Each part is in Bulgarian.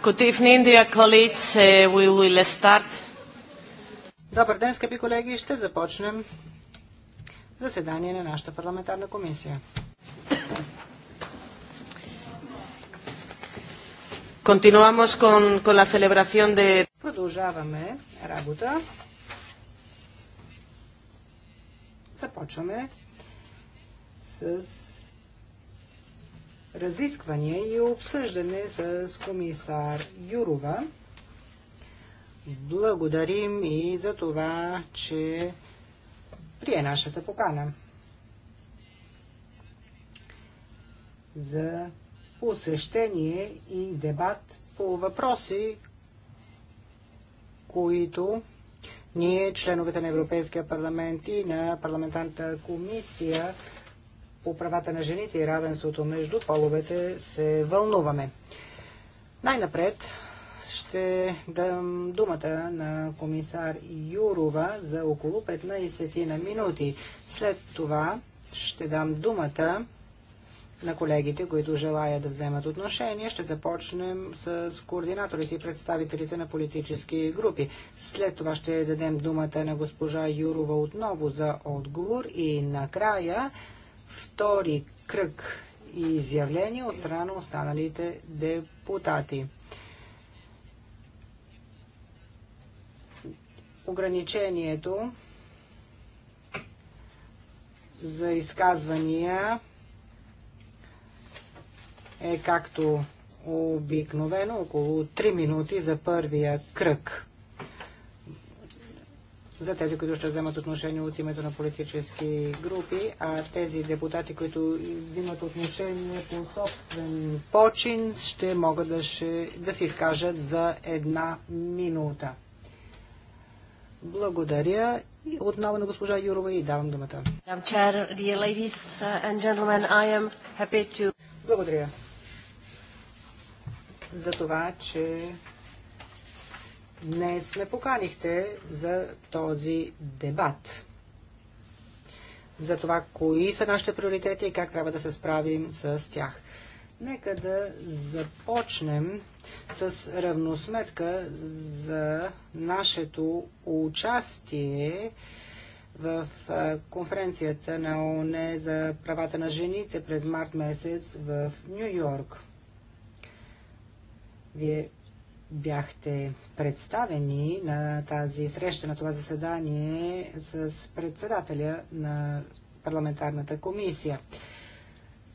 Good evening, dear colleagues. Uh, we will uh, start. Добър ден, скъпи колеги. Ще започнем заседание на нашата парламентарна комисия. Continuamos con, con la celebración de... Продължаваме работа. Започваме с разисквания и обсъждане с комисар Юрова. Благодарим и за това, че прие нашата покана за посещение и дебат по въпроси, които ние, членовете на Европейския парламент и на парламентарната комисия, по правата на жените и равенството между половете се вълнуваме. Най-напред ще дам думата на комисар Юрова за около 15 на минути. След това ще дам думата на колегите, които желаят да вземат отношение. Ще започнем с координаторите и представителите на политически групи. След това ще дадем думата на госпожа Юрова отново за отговор и накрая втори кръг и изявление от страна на останалите депутати. Ограничението за изказвания е както обикновено около 3 минути за първия кръг за тези, които ще вземат отношение от името на политически групи, а тези депутати, които взимат отношение по собствен почин, ще могат да, ще, да си изкажат за една минута. Благодаря. Отново на госпожа Юрова и давам думата. Uh, Благодаря за това, че днес ме поканихте за този дебат. За това, кои са нашите приоритети и как трябва да се справим с тях. Нека да започнем с равносметка за нашето участие в конференцията на ООН за правата на жените през март месец в Нью Йорк. Вие бяхте представени на тази среща, на това заседание с председателя на парламентарната комисия.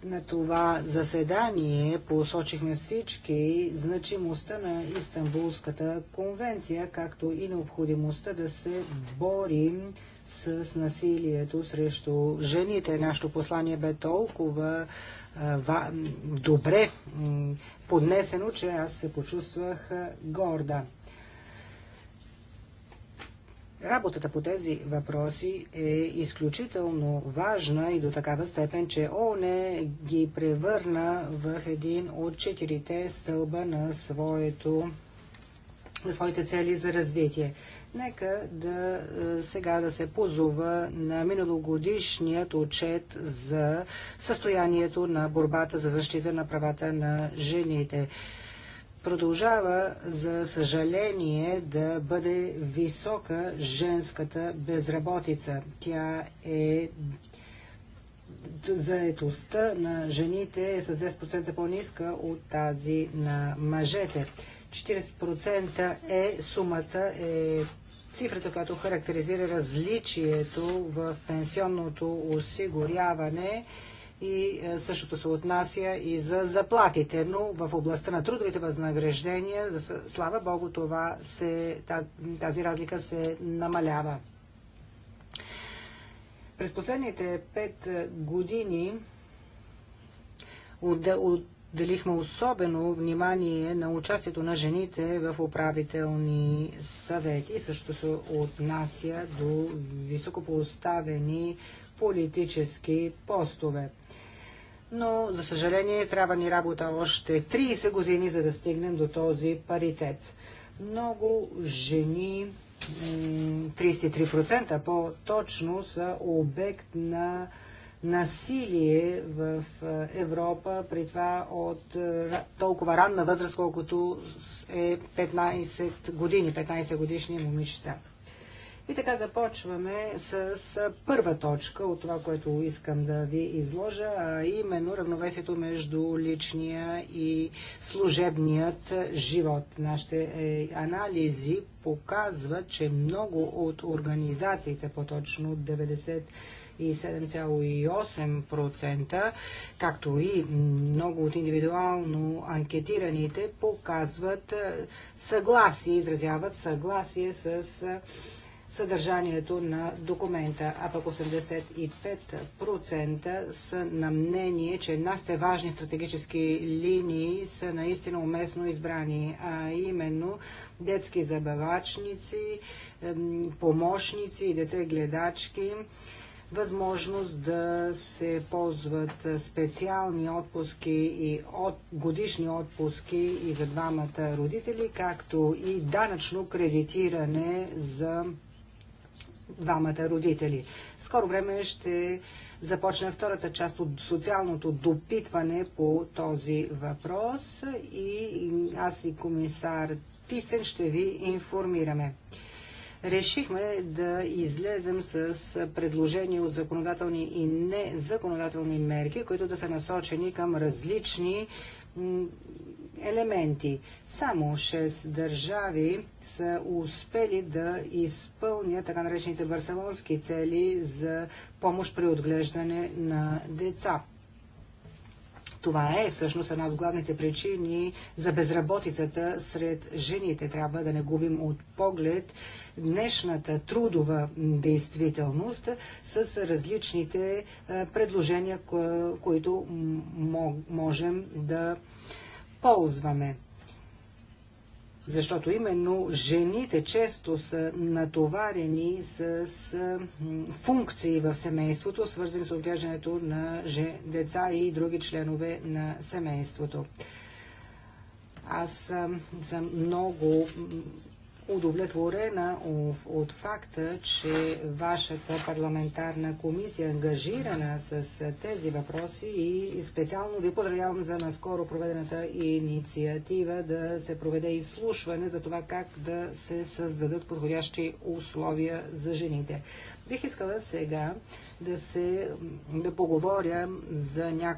На това заседание посочихме всички значимостта на Истанбулската конвенция, както и необходимостта да се борим с насилието срещу жените. Нашето послание бе толкова добре поднесено, че аз се почувствах горда. Работата по тези въпроси е изключително важна и до такава степен, че ООН ги превърна в един от четирите стълба на, своето, на своите цели за развитие. Нека да е, сега да се позова на миналогодишният отчет за състоянието на борбата за защита на правата на жените продължава, за съжаление, да бъде висока женската безработица. Тя е заетостта на жените е с 10% по-ниска от тази на мъжете. 40% е сумата е цифрата, която характеризира различието в пенсионното осигуряване и е, същото се отнася и за заплатите, но в областта на трудовите възнаграждения, слава Богу, това се, тази разлика се намалява. През последните пет е, години от, от делихме особено внимание на участието на жените в управителни съвети. Също се отнася до високопоставени политически постове. Но, за съжаление, трябва ни работа още 30 години, за да стигнем до този паритет. Много жени 33% по-точно са обект на насилие в Европа, при това от толкова ранна възраст, колкото е 15 години, 15 годишни момичета. И така започваме с, първа точка от това, което искам да ви изложа, а именно равновесието между личния и служебният живот. Нашите е, анализи показват, че много от организациите, по-точно 90 7,8%, както и много от индивидуално анкетираните показват е, съгласие, изразяват съгласие с е, съдържанието на документа, а пък 85% са на мнение, че нашите важни стратегически линии са наистина уместно избрани, а именно детски забавачници, помощници и дете гледачки, възможност да се ползват специални отпуски и от, годишни отпуски и за двамата родители, както и данъчно кредитиране за двамата родители. Скоро време ще започне втората част от социалното допитване по този въпрос и аз и комисар Тисен ще ви информираме решихме да излезем с предложения от законодателни и незаконодателни мерки, които да са насочени към различни елементи. Само 6 държави са успели да изпълнят така наречените барселонски цели за помощ при отглеждане на деца. Това е всъщност една от главните причини за безработицата сред жените. Трябва да не губим от поглед днешната трудова действителност с различните е, предложения, които можем да ползваме. Защото именно жените често са натоварени с функции в семейството, свързани с отглеждането на деца и други членове на семейството. Аз съм много удовлетворена от факта, че вашата парламентарна комисия е ангажирана с тези въпроси и специално ви поздравявам за наскоро проведената инициатива да се проведе изслушване за това как да се създадат подходящи условия за жените. Бих искала сега да, се, да поговоря за, ня...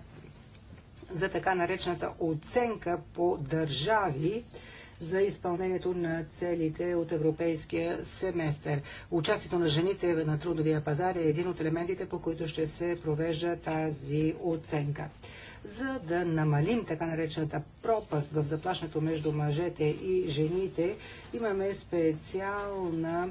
за така наречената оценка по държави, за изпълнението на целите от европейския семестър. Участието на жените на трудовия пазар е един от елементите, по които ще се провежда тази оценка за да намалим така наречената пропаст в заплащането между мъжете и жените, имаме специална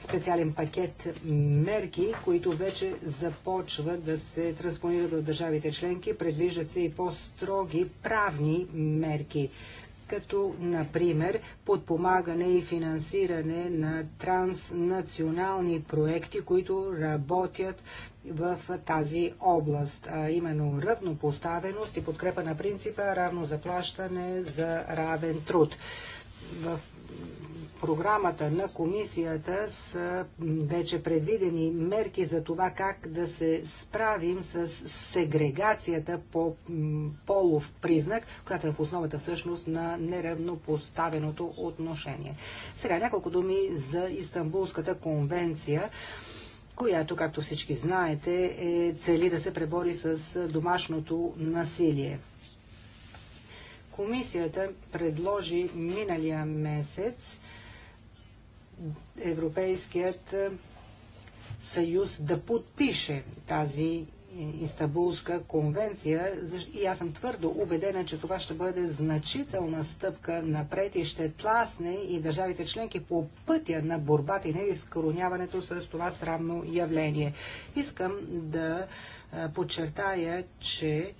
специален пакет мерки, които вече започват да се транспонират в държавите членки. Предвиждат се и по-строги правни мерки като, например, подпомагане и финансиране на транснационални проекти, които работят в тази област, а именно равнопоставеност и подкрепа на принципа равно заплащане за равен труд. В програмата на комисията са вече предвидени мерки за това как да се справим с сегрегацията по полов признак, която е в основата всъщност на неравнопоставеното отношение. Сега няколко думи за Истанбулската конвенция която, както всички знаете, е цели да се пребори с домашното насилие. Комисията предложи миналия месец Европейският е, съюз да подпише тази е, Истанбулска конвенция и аз съм твърдо убедена, че това ще бъде значителна стъпка напред и ще тласне и държавите членки по пътя на борбата и на изкороняването с това срамно явление. Искам да е, подчертая, че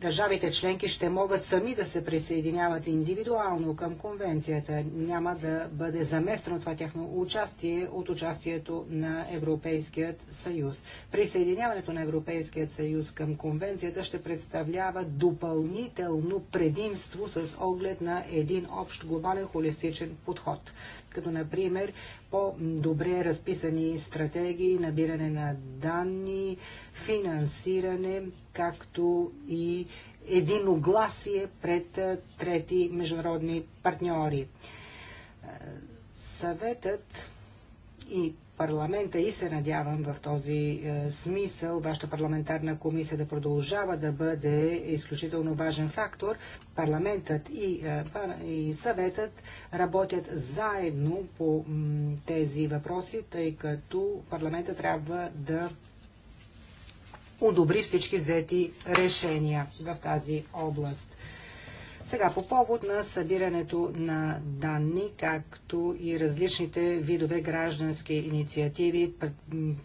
държавите членки ще могат сами да се присъединяват индивидуално към конвенцията. Няма да бъде заместено това тяхно участие от участието на Европейският съюз. Присъединяването на Европейският съюз към конвенцията ще представлява допълнително предимство с оглед на един общ глобален холистичен подход като например по-добре разписани стратегии, набиране на данни, финансиране, както и единогласие пред трети международни партньори. Съветът и парламента и се надявам в този е, смисъл вашата парламентарна комисия да продължава да бъде изключително важен фактор. Парламентът и, е, и съветът работят заедно по тези въпроси, тъй като парламента трябва да одобри всички взети решения в тази област. Сега, по повод на събирането на данни, както и различните видове граждански инициативи,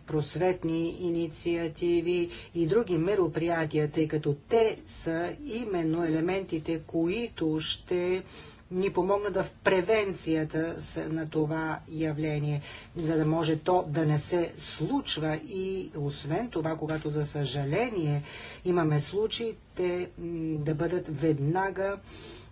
просветни инициативи и други мероприятия, тъй като те са именно елементите, които ще ни помогнат в превенцията на това явление, за да може то да не се случва. И освен това, когато за съжаление имаме случаи, те да бъдат веднага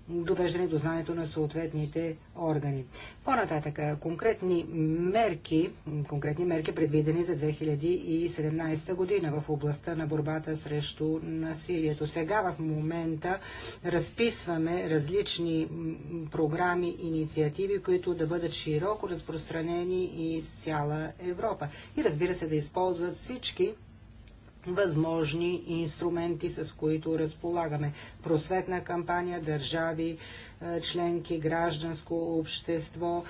довеждане до знанието на съответните органи. По-нататък, конкретни мерки, конкретни мерки предвидени за 2017 година в областта на борбата срещу насилието. Сега в момента разписваме различни програми, инициативи, които да бъдат широко разпространени из цяла Европа. И разбира се да използват всички възможни инструменти, с които разполагаме. Просветна кампания, държави, е, членки, гражданско общество.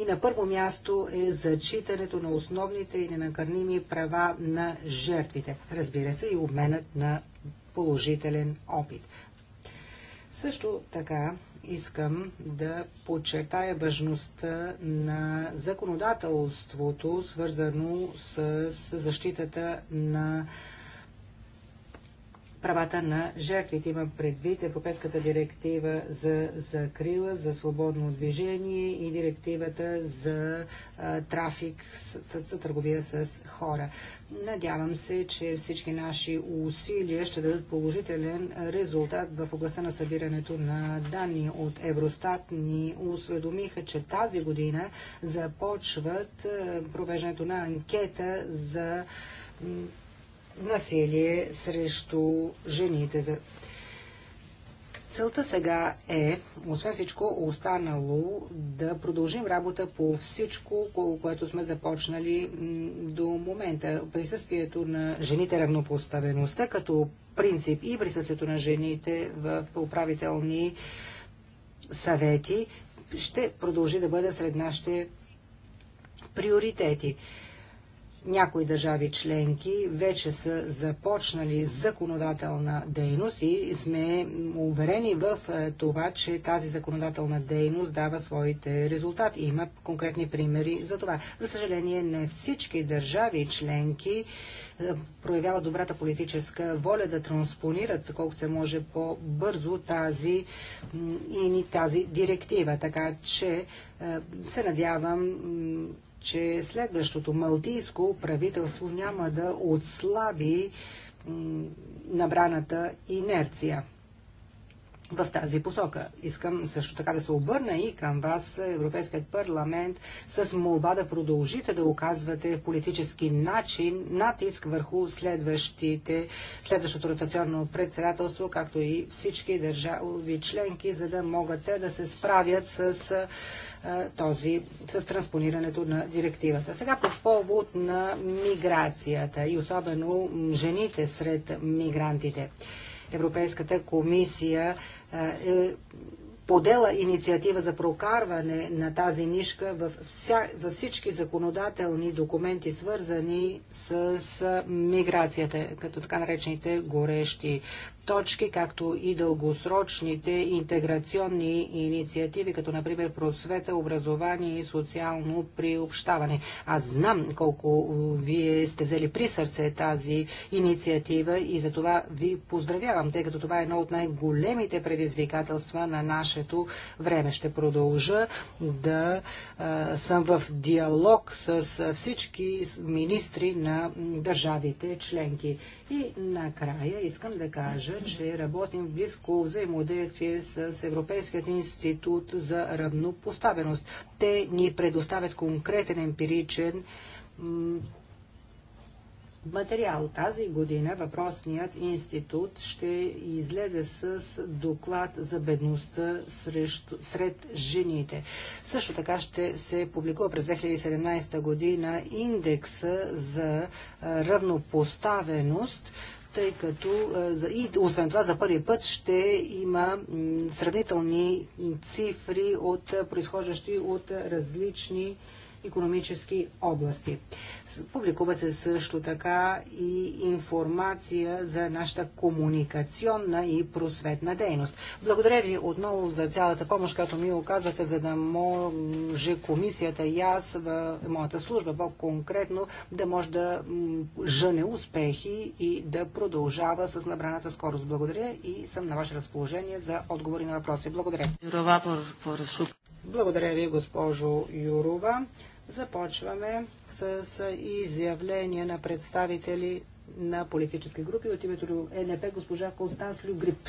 И на първо място е зачитането на основните и ненакърними права на жертвите. Разбира се и обменът на положителен опит. Също така искам да подчертая важността на законодателството, свързано с защитата на правата на жертвите. Има предвид Европейската директива за закрила, за свободно движение и директивата за а, трафик, за, за търговия с хора. Надявам се, че всички наши усилия ще дадат положителен резултат в областта на събирането на данни от Евростат. Ни осведомиха, че тази година започват провеждането на анкета за насилие срещу жените. Целта сега е, освен всичко останало, да продължим работа по всичко, което сме започнали до момента. Присъствието на жените равнопоставеността като принцип и присъствието на жените в управителни съвети ще продължи да бъде сред нашите приоритети. Някои държави членки вече са започнали законодателна дейност и сме уверени в е, това, че тази законодателна дейност дава своите резултати. Има конкретни примери за това. За съжаление, не всички държави членки е, проявяват добрата политическа воля да транспонират колкото се може по-бързо тази, и тази директива. Така че е, се надявам че следващото малтийско правителство няма да отслаби набраната инерция в тази посока. Искам също така да се обърна и към вас, Европейският парламент, с молба да продължите да оказвате политически начин, натиск върху следващите, следващото ротационно председателство, както и всички държави членки, за да могат те да се справят с този, с транспонирането на директивата. Сега по повод на миграцията и особено жените сред мигрантите. Европейската комисия е подела инициатива за прокарване на тази нишка във, вся, във всички законодателни документи, свързани с, с миграцията, като така наречените горещи точки, както и дългосрочните интеграционни инициативи, като например просвета, образование и социално приобщаване. Аз знам колко вие сте взели при сърце тази инициатива и за това ви поздравявам, тъй като това е едно от най-големите предизвикателства на нашето време. Ще продължа да а, съм в диалог с всички министри на държавите членки. И накрая искам да кажа, че работим в близко взаимодействие с Европейският институт за равнопоставеност. Те ни предоставят конкретен емпиричен материал. Тази година въпросният институт ще излезе с доклад за бедността срещу, сред жените. Също така ще се публикува през 2017 година индекса за равнопоставеност, тъй като е, и освен това за първи път ще има сравнителни цифри от е, произхождащи от е, различни економически области. Публикуват се също така и информация за нашата комуникационна и просветна дейност. Благодаря ви отново за цялата помощ, която ми оказвате, за да може комисията и аз, в моята служба по-конкретно, да може да жъне успехи и да продължава с набраната скорост. Благодаря и съм на ваше разположение за отговори на въпроси. Благодаря. Благодаря ви, госпожо Юрова. Започваме с изявление на представители на политически групи от името ЕНП госпожа Констанс Люгрип.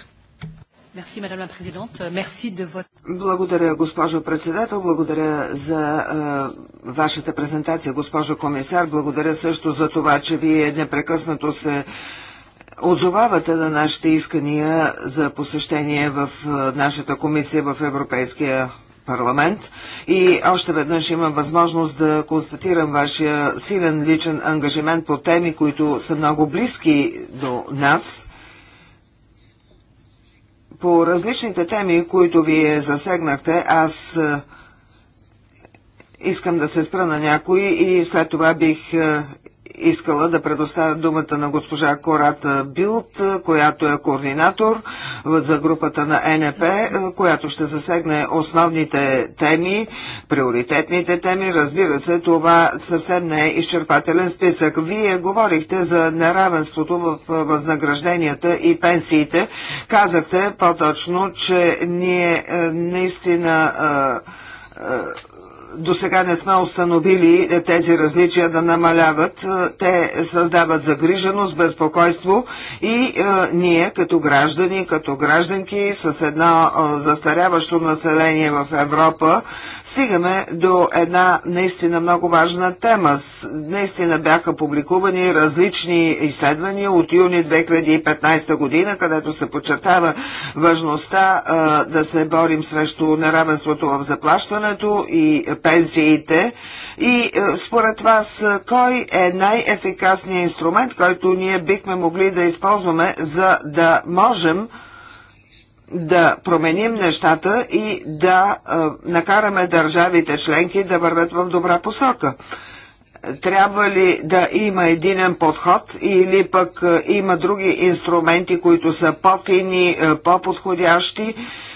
Благодаря, госпожо председател. Благодаря за е, вашата презентация, госпожо комисар. Благодаря също за това, че вие непрекъснато се отзовавате на нашите искания за посещение в нашата комисия в Европейския парламент и още веднъж имам възможност да констатирам вашия силен личен ангажимент по теми, които са много близки до нас по различните теми, които вие засегнахте, аз искам да се спра на някои и след това бих искала да предоставя думата на госпожа Кората Билт, която е координатор за групата на НП, която ще засегне основните теми, приоритетните теми. Разбира се, това съвсем не е изчерпателен списък. Вие говорихте за неравенството в възнагражденията и пенсиите. Казахте по-точно, че ние е, наистина е, е, до сега не сме установили тези различия да намаляват. Е, те създават загриженост, безпокойство и е, ние като граждани, като гражданки с едно е, застаряващо население в Европа стигаме до една наистина много важна тема. Наистина бяха публикувани различни изследвания от юни 2015 година, където се подчертава важността е, да се борим срещу неравенството в заплащането и пенсиите. И е, според вас, е, кой е най-ефикасният инструмент, който ние бихме могли да използваме, за да можем да променим нещата и да е, накараме държавите членки да вървят в добра посока? трябва ли да има единен подход или пък има други инструменти, които са по-фини, по-подходящи.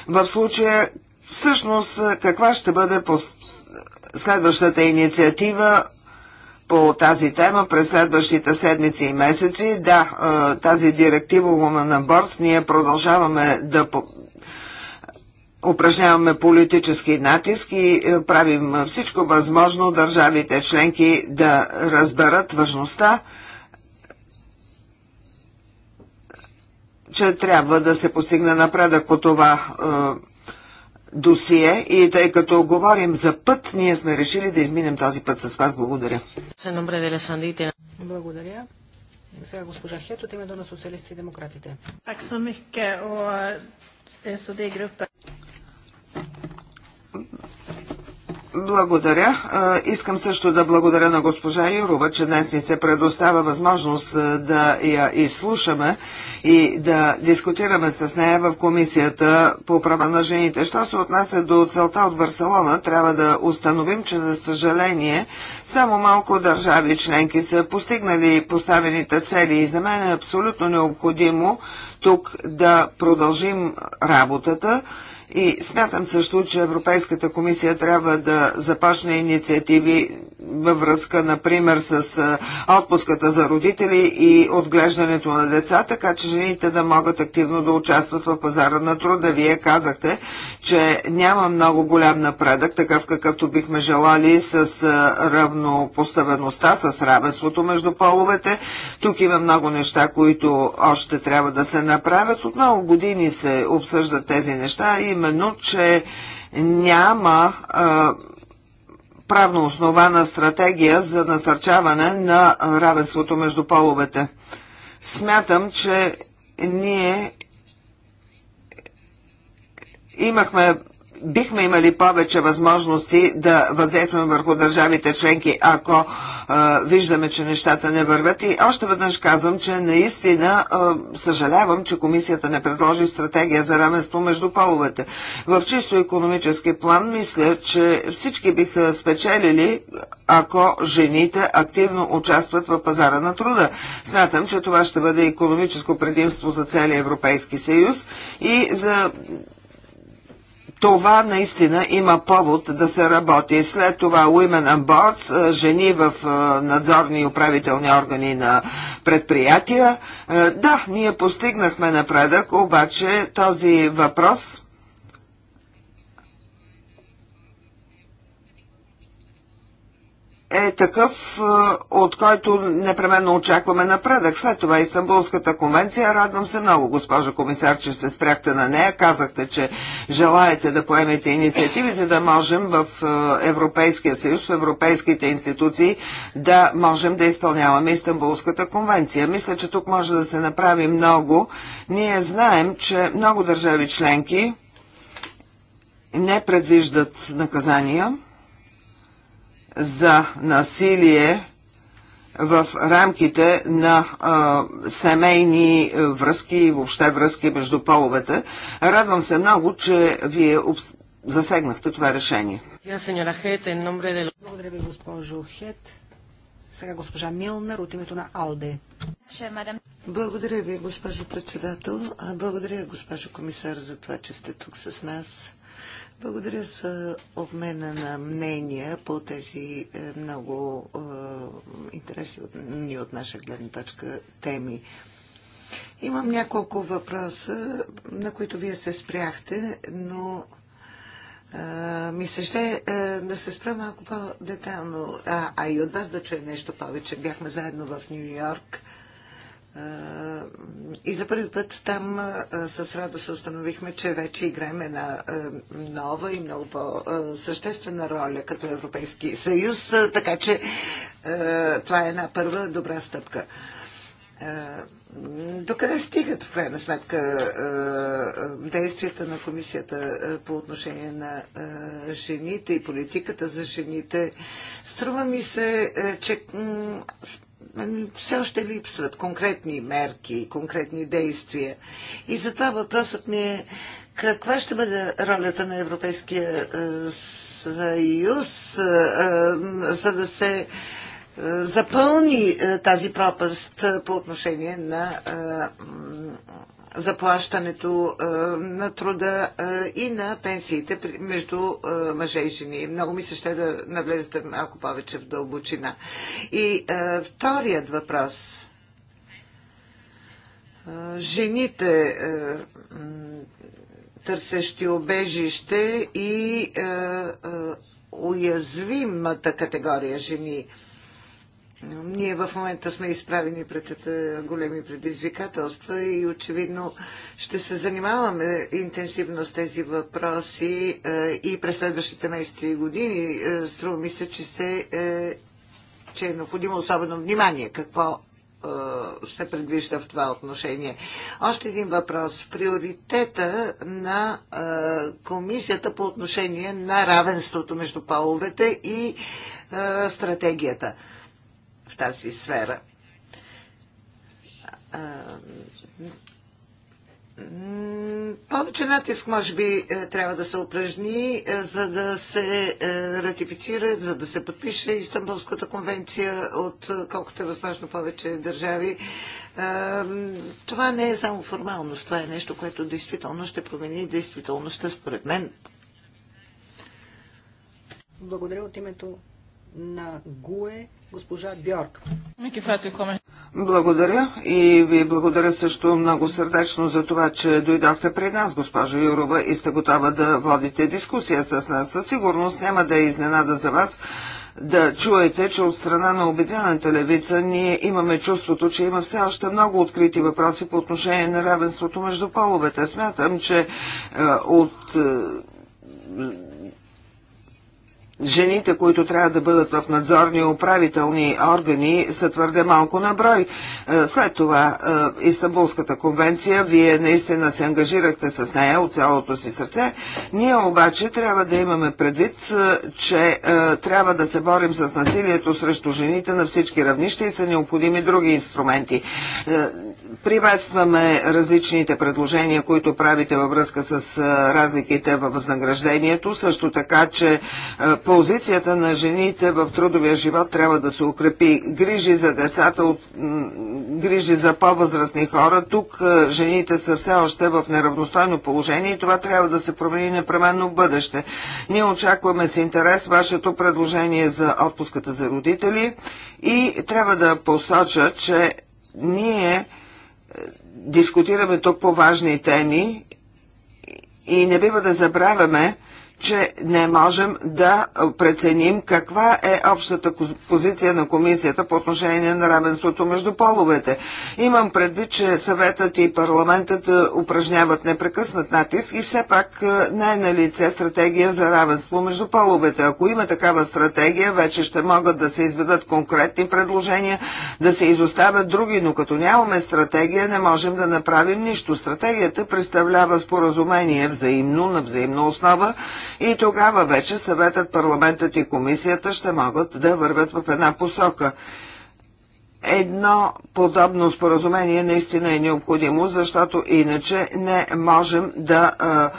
В случая, всъщност, каква ще бъде следващата инициатива по тази тема през следващите седмици и месеци. Да, тази директива на Борс ние продължаваме да упражняваме политически натиск и е, правим всичко възможно държавите членки да разберат важността, че трябва да се постигне напредък по това е, досие и тъй като говорим за път, ние сме решили да изминем този път с вас. Благодаря. Благодаря. Сега госпожа Хет от името на социалисти и демократите. Благодаря. Благодаря. Искам също да благодаря на госпожа Юрова, че днес ни се предоставя възможност да я изслушаме и да дискутираме с нея в Комисията по права на жените. Що се отнася до целта от Барселона, трябва да установим, че за съжаление само малко държави членки са постигнали поставените цели и за мен е абсолютно необходимо тук да продължим работата и смятам също, че Европейската комисия трябва да започне инициативи във връзка, например, с отпуската за родители и отглеждането на деца, така че жените да могат активно да участват в пазара на труда. Вие казахте, че няма много голям напредък, такъв какъвто бихме желали с равнопоставеността, с равенството между половете. Тук има много неща, които още трябва да се направят. От много години се обсъждат тези неща и именно, че няма а, правно основана стратегия за насърчаване на равенството между половете. Смятам, че ние имахме бихме имали повече възможности да въздействаме върху държавите членки, ако а, виждаме, че нещата не вървят. И още веднъж казвам, че наистина а, съжалявам, че комисията не предложи стратегия за равенство между половете. В чисто економически план мисля, че всички биха спечелили, ако жените активно участват в пазара на труда. Смятам, че това ще бъде економическо предимство за целия Европейски съюз и за това наистина има повод да се работи. След това Women and Boards, жени в надзорни и управителни органи на предприятия. Да, ние постигнахме напредък, обаче този въпрос е такъв, е, от който непременно очакваме напредък. След това Истанбулската конвенция. Радвам се много, госпожа комисар, че се спряхте на нея. Казахте, че желаете да поемете инициативи, за да можем в е, Европейския съюз, в европейските институции да можем да изпълняваме Истанбулската конвенция. Мисля, че тук може да се направи много. Ние знаем, че много държави членки не предвиждат наказания за насилие в рамките на а, семейни връзки и въобще връзки между половете. Радвам се много, че вие засегнахте това решение. Благодаря ви, госпожо Хет. Сега госпожа Милнер от името на Алде. Благодаря ви, госпожо председател. Благодаря, госпожо комисар, за това, че сте тук с нас. Благодаря за обмена на мнения по тези е, много е, интересни от наша гледна точка теми. Имам няколко въпроса, на които вие се спряхте, но е, ми се ще да се спра малко по-детално, а, а и от вас да чуя нещо повече. Бяхме заедно в Нью Йорк и за първи път там с радост установихме, че вече играем една нова и много по-съществена роля като Европейски съюз, така че това е една първа добра стъпка. Докъде стигат в крайна сметка действията на комисията по отношение на жените и политиката за жените? Струва ми се, че все още липсват конкретни мерки, конкретни действия. И затова въпросът ми е каква ще бъде ролята на Европейския е, съюз, е, е, за да се запълни тази пропаст по отношение на заплащането е, на труда е, и на пенсиите между е, мъже и жени. Много ми се ще да навлезете малко повече в дълбочина. И вторият въпрос. Жените търсещи обежище и уязвимата категория жени – ние в момента сме изправени пред големи предизвикателства и очевидно ще се занимаваме интенсивно с тези въпроси е, и през следващите месеци и години. Е, струва ми се, че, се, е, че е необходимо особено внимание какво се предвижда в това отношение. Още един въпрос. Приоритета на комисията по отношение на равенството между половете и стратегията в тази сфера. Повече натиск, може би, е, трябва да се упражни, е, за да се е, ратифицира, за да се подпише Истанбулската конвенция от колкото е възможно повече държави. Това не е само формалност, това е нещо, което действително ще промени действителността, според мен. Благодаря от името на ГУЕ госпожа Бьорк. Благодаря и ви благодаря също много сърдечно за това, че дойдохте при нас, госпожо Юрова, и сте готова да водите дискусия с нас. Със сигурност няма да е изненада за вас, да чуете, че от страна на Обединената левица ние имаме чувството, че има все още много открити въпроси по отношение на равенството между половете. Смятам, че е, от е, жените, които трябва да бъдат в надзорни и управителни органи, са твърде малко на брой. Е, след това е, Истанбулската конвенция, вие наистина се ангажирахте с нея от цялото си сърце. Ние обаче трябва да имаме предвид, е, че трябва да се борим с насилието срещу жените на всички равнища и са необходими други инструменти. Приветстваме различните предложения, които правите във връзка с разликите във възнаграждението, също така, че позицията на жените в трудовия живот трябва да се укрепи. Грижи за децата, грижи за по-възрастни хора. Тук жените са все още в неравностойно положение и това трябва да се промени непременно в бъдеще. Ние очакваме с интерес вашето предложение за отпуската за родители и трябва да посоча, че ние дискутираме тук по важни теми и не бива да забравяме, че не можем да преценим каква е общата позиция на комисията по отношение на равенството между половете. Имам предвид, че съветът и парламентът е, упражняват непрекъснат натиск и все пак е, не е на лице стратегия за равенство между половете. Ако има такава стратегия, вече ще могат да се изведат конкретни предложения, да се изоставят други, но като нямаме стратегия, не можем да направим нищо. Стратегията представлява споразумение взаимно, на взаимна основа и тогава вече съветът, парламентът и комисията ще могат да вървят в една посока. Едно подобно споразумение наистина е необходимо, защото иначе не можем да а,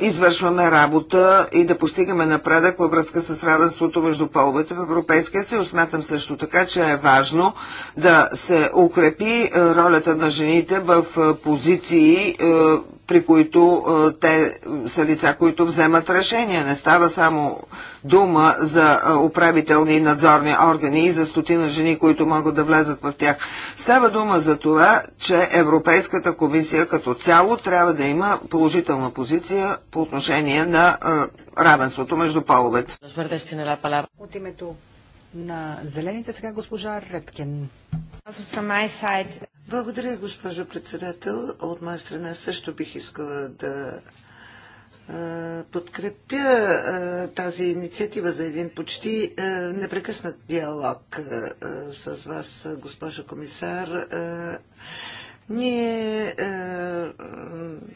извършваме работа и да постигаме напредък във връзка с равенството между половете в Европейския съюз. Смятам също така, че е важно да се укрепи ролята на жените в позиции при които те са лица, които вземат решения. Не става само дума за управителни и надзорни органи и за стотина жени, които могат да влезат в тях. Става дума за това, че Европейската комисия като цяло трябва да има положителна позиция по отношение на равенството между половете. От името на зелените сега госпожа Редкин. Благодаря, госпожо председател. От моя страна също бих искала да подкрепя тази инициатива за един почти непрекъснат диалог с вас, госпожо комисар. Ние е,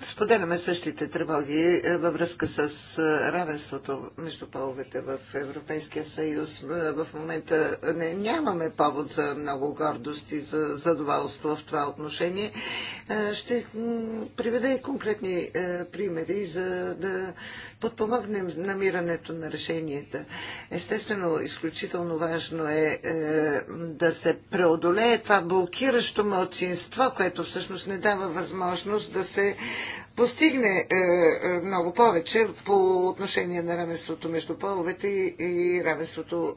споделяме същите тревоги е, във връзка с е, равенството между половете в Европейския съюз. Е, в момента не, нямаме повод за много гордост и за задоволство в това отношение. Е, ще приведа и конкретни е, примери, за да подпомогнем намирането на решенията. Естествено, изключително важно е, е да се преодолее това блокиращо мълчинство, което което всъщност не дава възможност да се постигне е, е, много повече по отношение на равенството между половете и, и равенството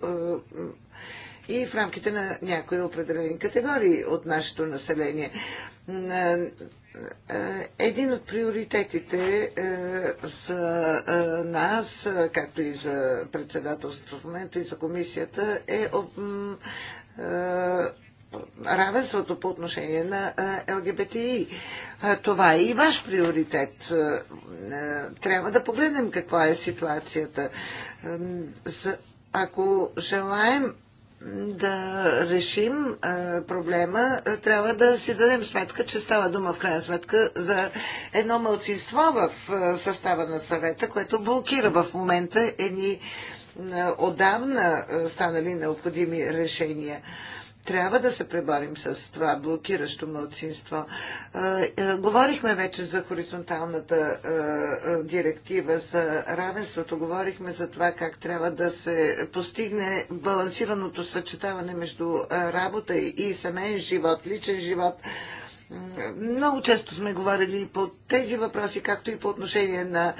е, и в рамките на някои определени категории от нашето население. Е, е, един от приоритетите е, за нас, както и за председателството в момента и за комисията, е равенството по отношение на ЛГБТИ. Това е и ваш приоритет. Трябва да погледнем каква е ситуацията. Ако желаем да решим проблема, трябва да си дадем сметка, че става дума в крайна сметка за едно мълцинство в състава на съвета, което блокира в момента едни отдавна станали необходими решения трябва да се преборим с това блокиращо младсинство. Говорихме вече за хоризонталната директива, за равенството, говорихме за това как трябва да се постигне балансираното съчетаване между работа и семейен живот, личен живот. Много често сме говорили и по тези въпроси, както и по отношение на е,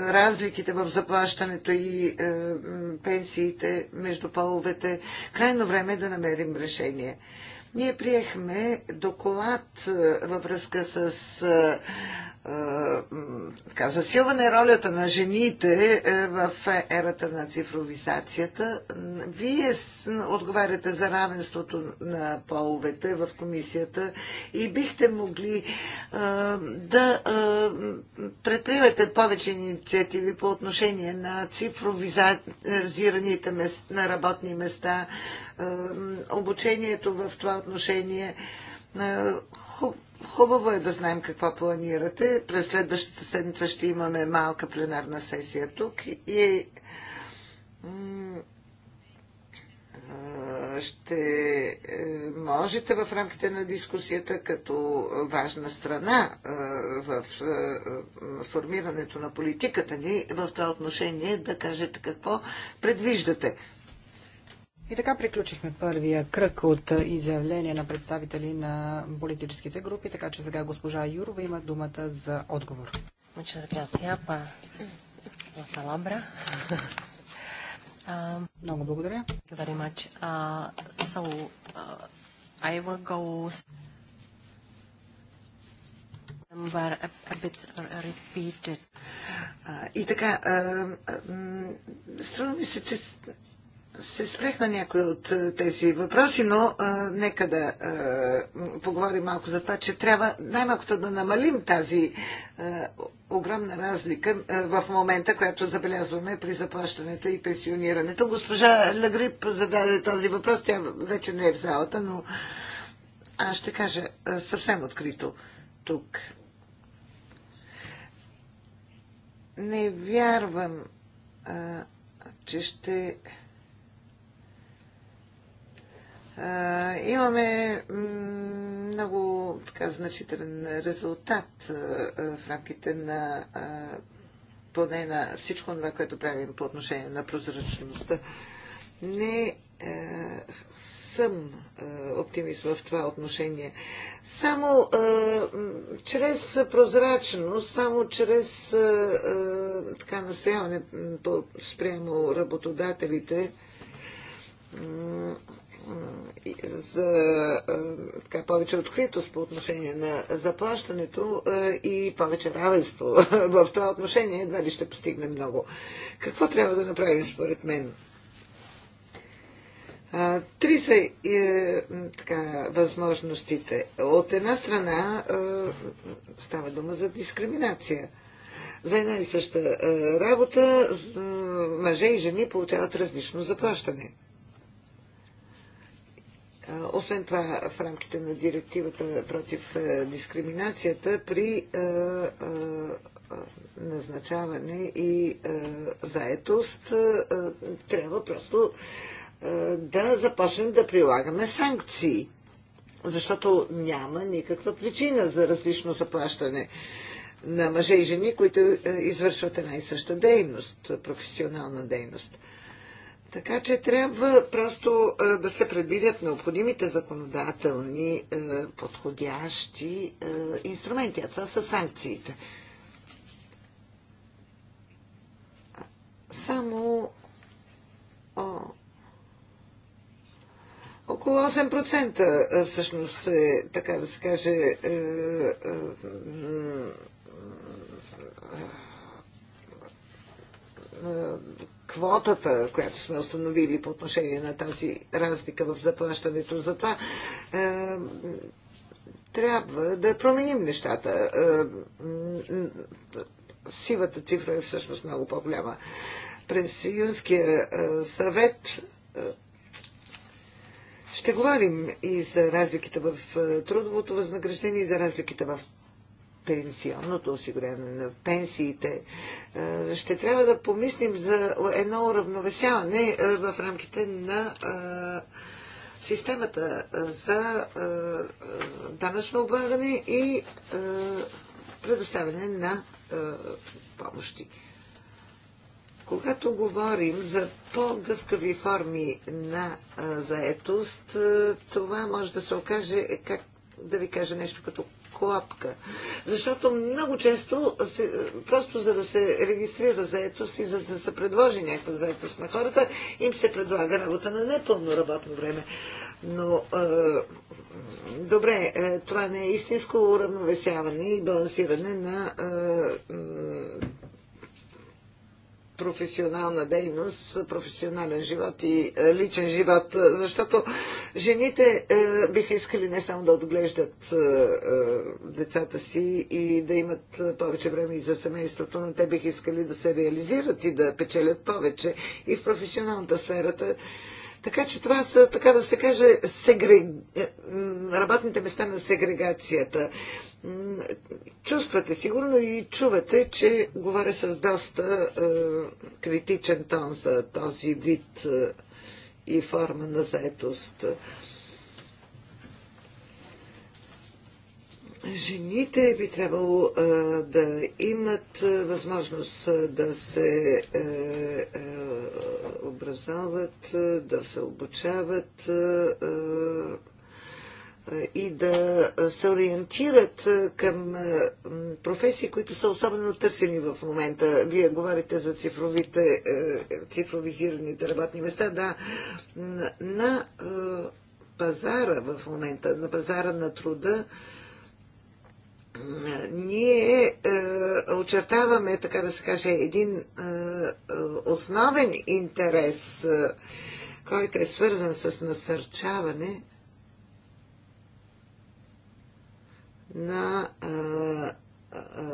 разликите в заплащането и е, пенсиите между половете. Крайно време е да намерим решение. Ние приехме доклад е, във връзка с е, така, засилване ролята на жените е, в ерата на цифровизацията. Вие отговаряте за равенството на половете в комисията и бихте могли е, да предприемете повече инициативи по отношение на цифровизираните на работни места, обучението в това отношение. Хубаво е да знаем какво планирате. През следващата седмица ще имаме малка пленарна сесия тук и ще е, можете в рамките на дискусията като важна страна в е, е, формирането на политиката ни в това отношение да кажете какво предвиждате и така приключихме първия кръг от изявления на представители на политическите групи, така че сега госпожа Юрова има думата за отговор. Много благодаря. И така, струва ми се, че се спрех на някои от е, тези въпроси, но а, е, нека да а, е, поговорим малко за това, че трябва най-малкото да намалим тази а, огромна разлика а, в момента, която забелязваме при заплащането и пенсионирането. Госпожа Лагрип зададе този въпрос, тя вече не е в залата, но аз ще кажа а, съвсем открито тук. Не вярвам, а, че ще. Имаме много така, значителен резултат в рамките на поне на всичко това, което правим по отношение на прозрачността. Не съм оптимист в това отношение. Само е, чрез прозрачност, само чрез е, е, така настояване спрямо работодателите, за така, повече откритост по отношение на заплащането и повече равенство в това отношение, едва ли ще постигне много. Какво трябва да направим според мен? Три са е, така, възможностите. От една страна е, става дума за дискриминация. За една и съща е, работа мъже и жени получават различно заплащане. Освен това, в рамките на директивата против дискриминацията при назначаване и заетост трябва просто да започнем да прилагаме санкции, защото няма никаква причина за различно заплащане на мъже и жени, които извършват една и съща дейност, професионална дейност. Така че трябва просто да се предвидят необходимите законодателни подходящи инструменти, а това са санкциите. Само около 8% всъщност е, така да се каже, е, е, е квотата, която сме установили по отношение на тази разлика в заплащането. Затова е, трябва да променим нещата. Е, сивата цифра е всъщност много по-голяма. През Юнския е, съвет е, ще говорим и за разликите в е, трудовото възнаграждение, и за разликите в пенсионното осигуряване на пенсиите. Е, ще трябва да помислим за едно уравновесяване е, в рамките на е, системата за данъчно облагане и предоставяне на помощи. Когато говорим за по-гъвкави форми на заетост, това може да се окаже, как да ви кажа нещо като клапка. Защото много често, се, просто за да се регистрира заетост и за да се предложи някаква заетост на хората, им се предлага работа на непълно работно време. Но е, добре, е, това не е истинско уравновесяване и балансиране на е, професионална дейност, професионален живот и е, личен живот, защото жените е, биха искали не само да отглеждат е, децата си и да имат повече време и за семейството, но те биха искали да се реализират и да печелят повече. И в професионалната сферата така че това са, така да се каже, сегре... Е, работните места на сегрегацията. Чувствате сигурно и чувате, че говоря с доста е, критичен тон за този вид е, и форма на заетост. Жените би трябвало а, да имат а, възможност а, да се а, е, а, е, образоват, а, да се обучават а, а, и да се ориентират към а, професии, които са особено търсени в момента. Вие говорите за цифровите, а, е, цифровизираните работни места. Да, на, на а, пазара в момента, на пазара на труда, ние е, очертаваме, така да се каже, един е, основен интерес, е, който е свързан с насърчаване на е, е,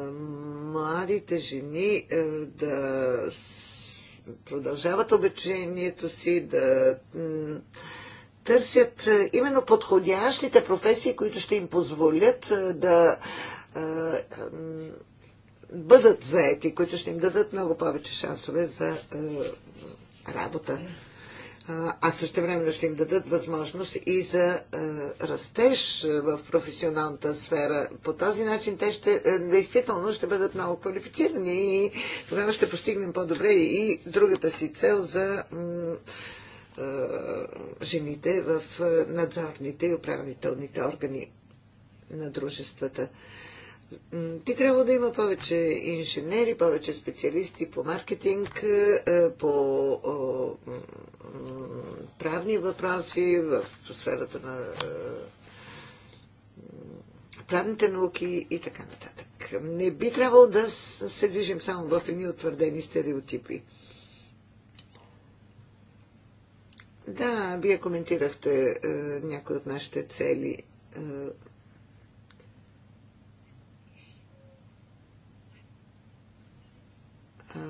младите жени е, да продължават обучението си, да. Е, търсят е, именно подходящите професии, които ще им позволят е, да е, бъдат заети, които ще им дадат много повече шансове за работа. А също време ще им дадат възможност и за растеж в професионалната сфера. По този начин те ще, действително ще бъдат много квалифицирани и тогава ще постигнем по-добре и другата си цел за жените в надзорните и управителните органи на дружествата. Би трябвало да има повече инженери, повече специалисти по маркетинг, по правни въпроси в сферата на правните науки и така нататък. Не би трябвало да се движим само в едни утвърдени стереотипи. Да, вие коментирахте е, някои от нашите цели. Е,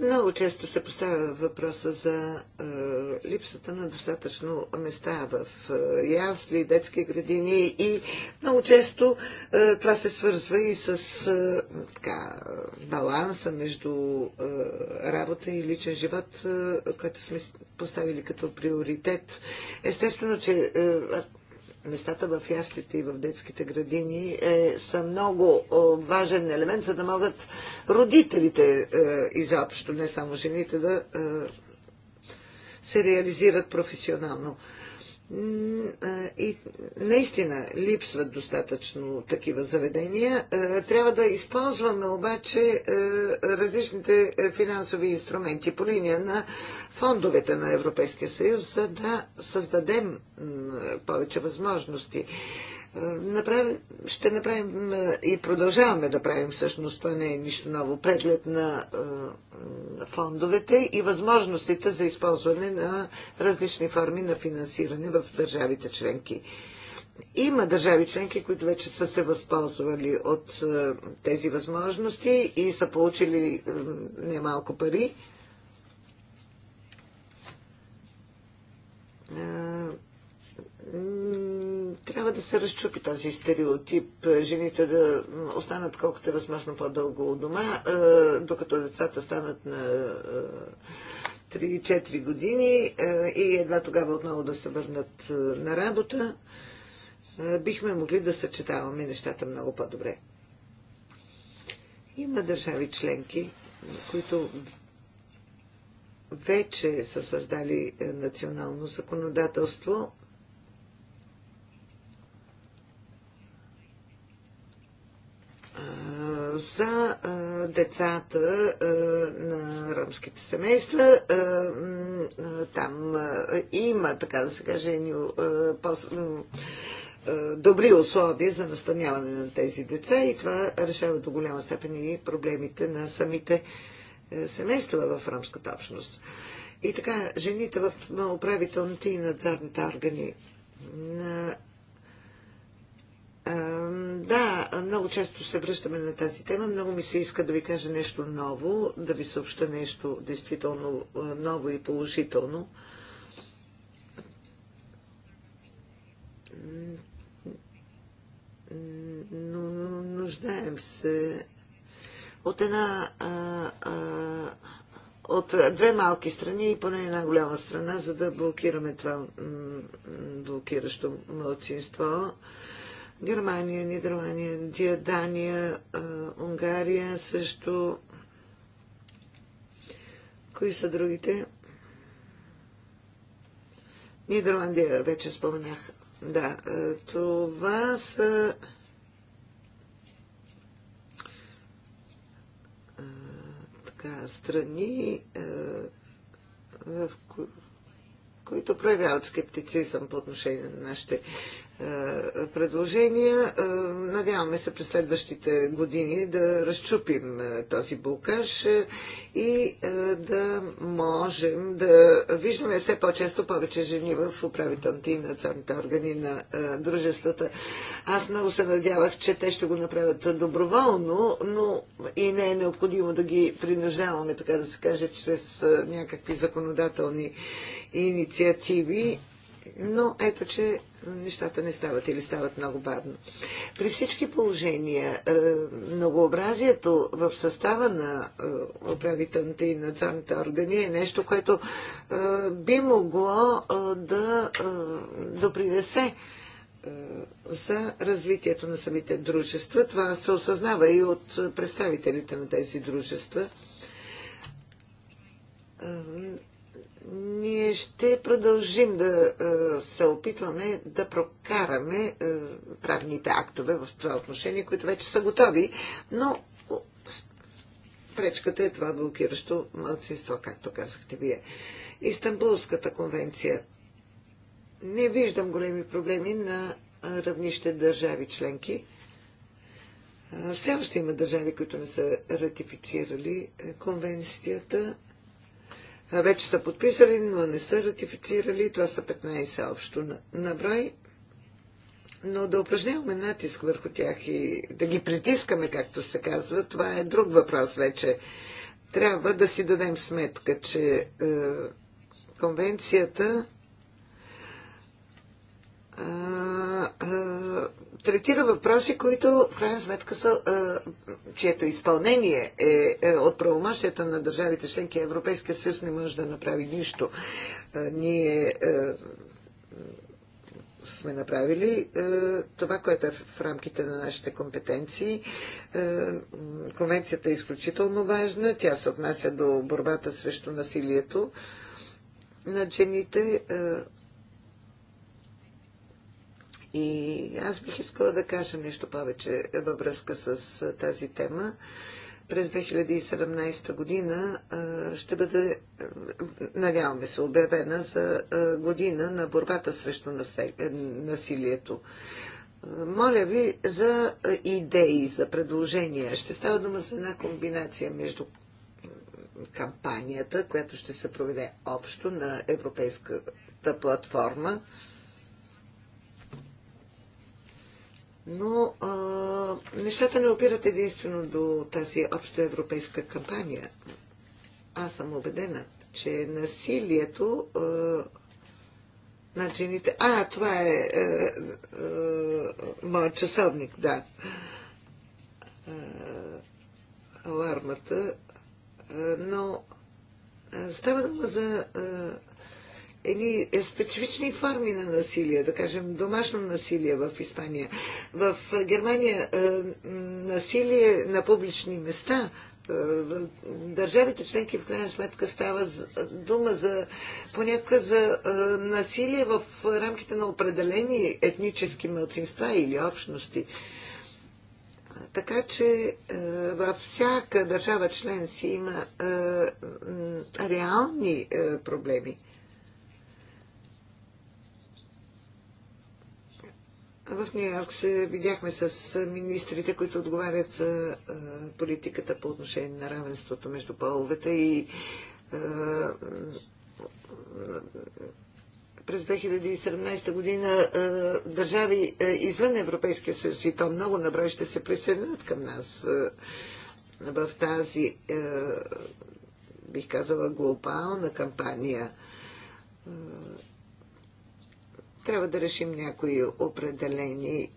много често се поставя въпроса за е, липсата на достатъчно места в е, ясли, детски градини и много често е, това се свързва и с е, така, баланса между е, работа и личен живот, е, който сме поставили като приоритет. Естествено, че е, местата в яслите и в детските градини е, са много о, важен елемент, за да могат родителите е, изобщо, не само жените, да е, се реализират професионално. Е, и наистина липсват достатъчно такива заведения. Трябва да използваме обаче различните финансови инструменти по линия на фондовете на Европейския съюз, за да създадем повече възможности. Направим, ще направим и продължаваме да правим всъщност, това не е нищо ново, преглед на фондовете и възможностите за използване на различни форми на финансиране в държавите членки. Има държави членки, които вече са се възползвали от тези възможности и са получили немалко пари трябва да се разчупи този стереотип, е, жените да останат колкото е възможно по-дълго у дома, е, докато децата станат на 3-4 е, години и едва тогава отново да се върнат на работа, бихме могли да съчетаваме нещата много по-добре. Има държави членки, които вече са създали национално законодателство за децата на ромските семейства. Там има, така да се каже, добри условия за настаняване на тези деца и това решава до голяма степен и проблемите на самите е, семейства в ромската общност. И така, жените в управителните и надзорните органи на да, много често се връщаме на тази тема. Много ми се иска да ви кажа нещо ново, да ви съобща нещо действително ново и положително. Но нуждаем се от една. от две малки страни и поне една голяма страна, за да блокираме това блокиращо младсинство. Германия, Нидерландия, Дания, Унгария също. Кои са другите? Нидерландия вече споменах. Да, това са така, страни, в които проявяват скептицизъм по отношение на нашите е, предложения. Е, надяваме се през следващите години да разчупим е, този блокаж и да можем да виждаме все по-често повече жени в управителните и надзорните органи на дружествата. Аз много се надявах, че те ще го направят доброволно, но и не е необходимо да ги принуждаваме, така да се каже, чрез някакви законодателни инициативи но ето, че нещата не стават или стават много бавно. При всички положения, е, многообразието в състава на е, управителните и надзорните органи е нещо, което е, би могло да допринесе за развитието на самите дружества. Това се осъзнава и от представителите на тези дружества ние ще продължим да е, се опитваме да прокараме е, правните актове в това отношение, които вече са готови, но пречката е това блокиращо мълцинство, както казахте вие. Истанбулската конвенция. Не виждам големи проблеми на равнище държави членки. Е, все още има държави, които не са ратифицирали конвенцията вече са подписали, но не са ратифицирали. Това са 15 общо на, брой. Но да упражняваме натиск върху тях и да ги притискаме, както се казва, това е друг въпрос вече. Трябва да си дадем сметка, че е, конвенцията е, е, третира въпроси, които в крайна сметка са, чието изпълнение е, е от правомощията на държавите членки. Европейския съюз не може да направи нищо. Ние сме направили това, което е в рамките на нашите компетенции. Конвенцията е изключително важна. Тя се отнася до борбата срещу насилието на жените и аз бих искала да кажа нещо повече във връзка с тази тема. През 2017 година ще бъде, надяваме се, обявена за година на борбата срещу е, насилието. Моля ви за идеи, за предложения. Ще става дума за една комбинация между кампанията, която ще се проведе общо на Европейската платформа Но а, нещата не опират единствено до тази обща европейска кампания. Аз съм убедена, че насилието а, над жените. А, това е, е, е моят часовник, да. А, алармата. А, но а, става дума за. А, едни е, специфични форми на насилие, да кажем домашно насилие в Испания. В Германия насилие на публични места в държавите членки в крайна сметка става дума за понякога за насилие в рамките на определени етнически мълцинства или общности. Така че във всяка държава член си има реални проблеми. В Нью Йорк се видяхме с министрите, които отговарят за политиката по отношение на равенството между половете и през 2017 година държави извън Европейския съюз и то много наброй ще се присъединят към нас в тази, бих казала, глобална кампания трябва да решим някои определени е,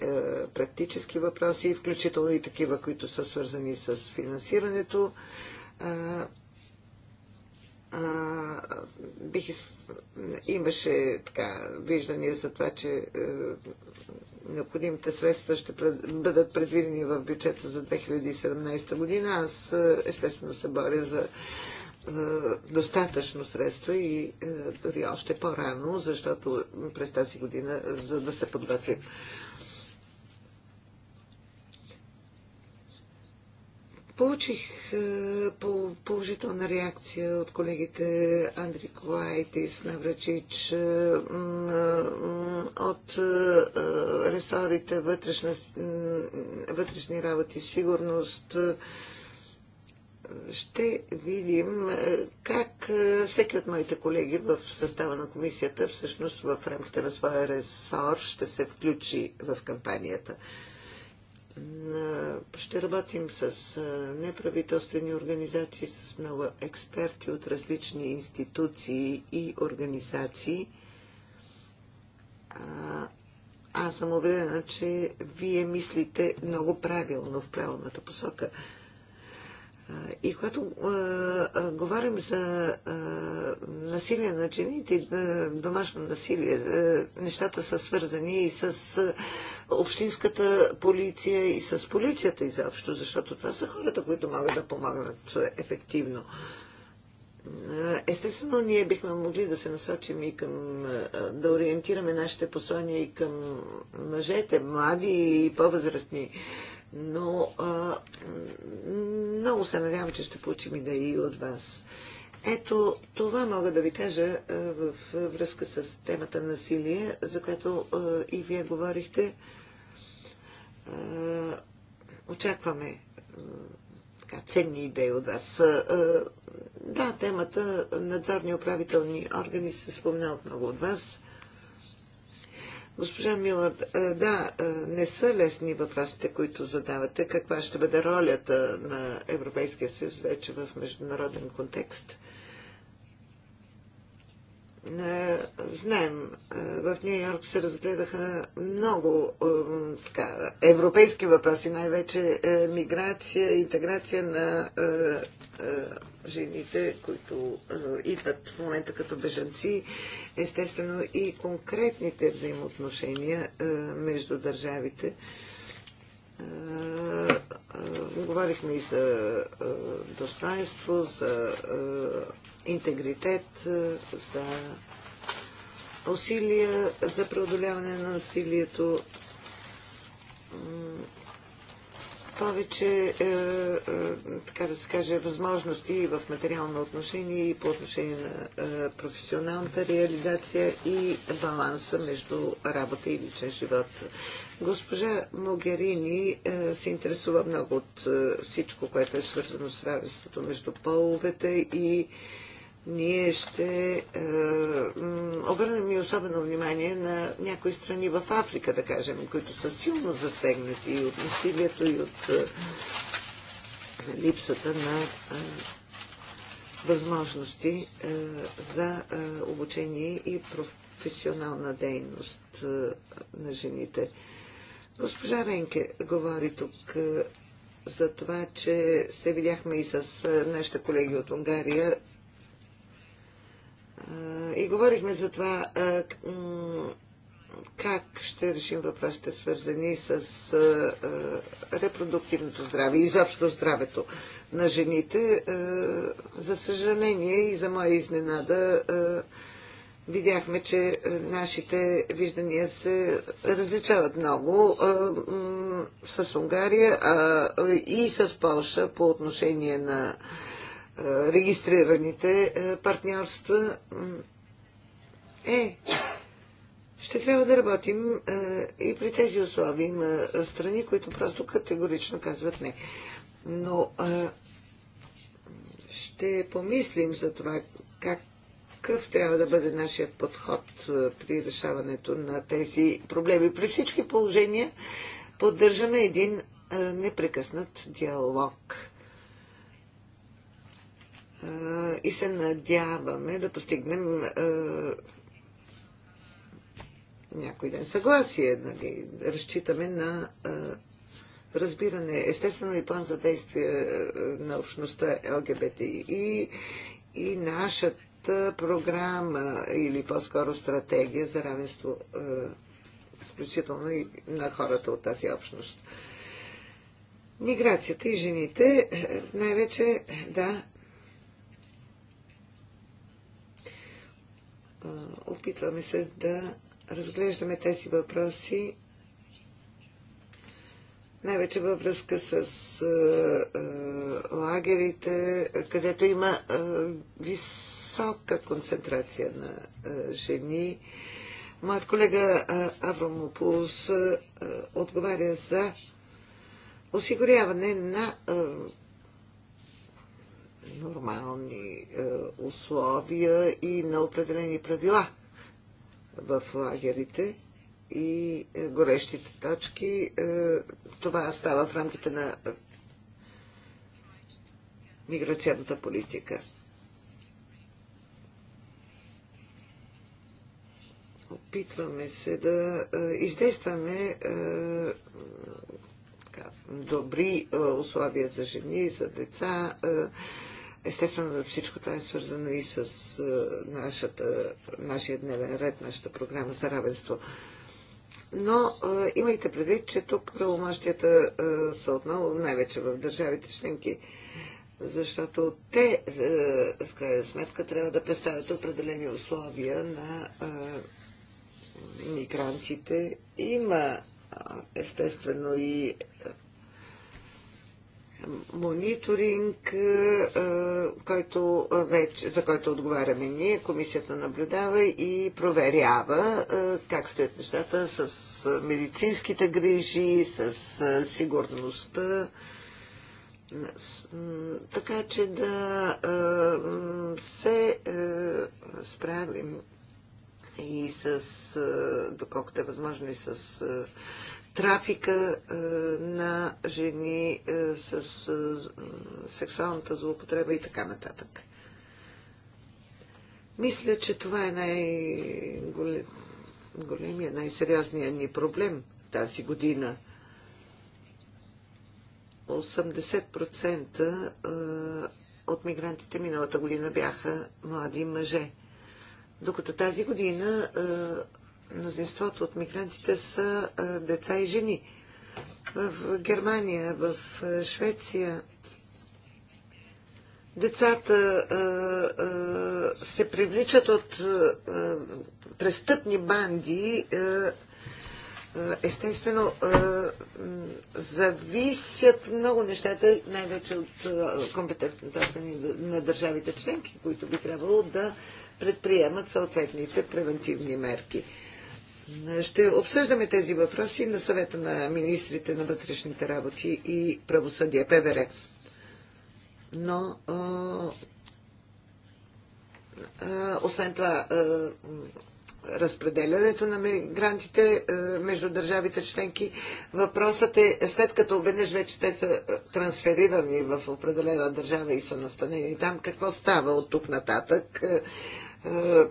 практически въпроси, включително и такива, които са свързани с финансирането. Е, е, бих из... имаше така виждания за това, че е, необходимите средства ще пред... бъдат предвидени в бюджета за 2017 година. Аз е, естествено се боря за е, достатъчно средства и е, дори още по-рано, защото през тази година, е, за да се подготвим. Получих положителна реакция от колегите Андри и Снаврачич от ресорите вътрешна, вътрешни работи, сигурност, ще видим е, как е, всеки от моите колеги в състава на комисията, всъщност в рамките на своя ресор, ще се включи в кампанията. Е, ще работим с неправителствени организации, с много експерти от различни институции и организации. Аз съм убедена, че вие мислите много правилно в правилната посока. И когато а, говорим за а, насилие на жените, домашно насилие, а, нещата са свързани и с а, общинската полиция, и с полицията изобщо, защото това са хората, които могат да помагат ефективно. Естествено, ние бихме могли да се насочим и към, да ориентираме нашите послания и към мъжете, млади и по-възрастни но а, много се надявам, че ще получим идеи и от вас. Ето, това мога да ви кажа в връзка с темата насилие, за което и вие говорихте. Очакваме така, ценни идеи от вас. Да, темата надзорни управителни органи се спомня от много от вас. Госпожа Милър, е, да, е, не са лесни въпросите, които задавате. Каква ще бъде ролята на Европейския съюз вече в международен контекст? Е, знаем, е, в Нью Йорк се разгледаха много е, така, европейски въпроси, най-вече миграция, интеграция на жените, които идват в момента като бежанци, естествено и конкретните взаимоотношения между държавите Говорихме и за достоинство, за интегритет, за усилия за преодоляване на насилието. Повече, е, е, така да се каже, възможности и в материално отношение, и по отношение на е, професионалната реализация и баланса между работа и личен живот. Госпожа Могерини е, се интересува много от е, всичко, което е свързано с равенството между половете и ние ще е, обърнем и особено внимание на някои страни в Африка, да кажем, които са силно засегнати и от насилието, и от е, липсата на е, възможности е, за е, обучение и професионална дейност е, на жените. Е, Госпожа Ренке говори тук е, за това, че се видяхме и с е, нашите колеги от Унгария е, и говорихме за това как ще решим въпросите свързани с репродуктивното здраве и изобщо здравето на жените. За съжаление и за моя изненада видяхме, че е, нашите виждания се различават много е, с Унгария и с Польша по отношение на е, регистрираните партньорства. Е, ще трябва да работим и при тези условия. Има страни, които просто категорично казват не. Но ще помислим за това как какъв трябва да бъде нашия подход при решаването на тези проблеми. При всички положения поддържаме един непрекъснат диалог. И се надяваме да постигнем някой ден съгласие. Нали? Разчитаме на разбиране, естествено и план за действие на общността ЛГБТ и, и нашата програма или по-скоро стратегия за равенство, е, включително и на хората от тази общност. Миграцията и жените, е, най-вече, да, е, опитваме се да разглеждаме тези въпроси най-вече във връзка с а, а, лагерите, където има а, висока концентрация на а, жени. Моят колега Авромопулс отговаря за осигуряване на а, нормални а, условия и на определени правила в лагерите и е, горещите точки. Е, това става в рамките на е, миграционната политика. Опитваме се да издействаме добри условия за жени, за деца. Естествено, всичко това е свързано и с нашата, нашия дневен ред, нашата програма за равенство. Но а, имайте предвид, че тук правомощията са отново най-вече в държавите членки, защото те, а, в крайна сметка, трябва да представят определени условия на а, мигрантите. Има, естествено, и мониторинг, е, е, който вече, за който отговаряме ние. Комисията наблюдава и проверява е, как стоят нещата с медицинските грижи, с сигурността. Така че да се справим и с, доколкото е възможно, и с трафика е, на жени е, с е, сексуалната злоупотреба и така нататък. Мисля, че това е най-големия, най-сериозният ни проблем тази година. 80% от мигрантите миналата година бяха млади мъже. Докато тази година мнозинството от мигрантите са деца и жени. В Германия, в Швеция децата се привличат от престъпни банди естествено зависят много нещата, най-вече от компетентната на държавите членки, които би трябвало да предприемат съответните превентивни мерки. Ще обсъждаме тези въпроси на съвета на министрите на вътрешните работи и правосъдие ПВР. Но а, а, освен това, а, разпределянето на мигрантите между държавите членки. Въпросът е, след като обеднъж вече те са трансферирани в определена държава и са настанени там, какво става от тук нататък?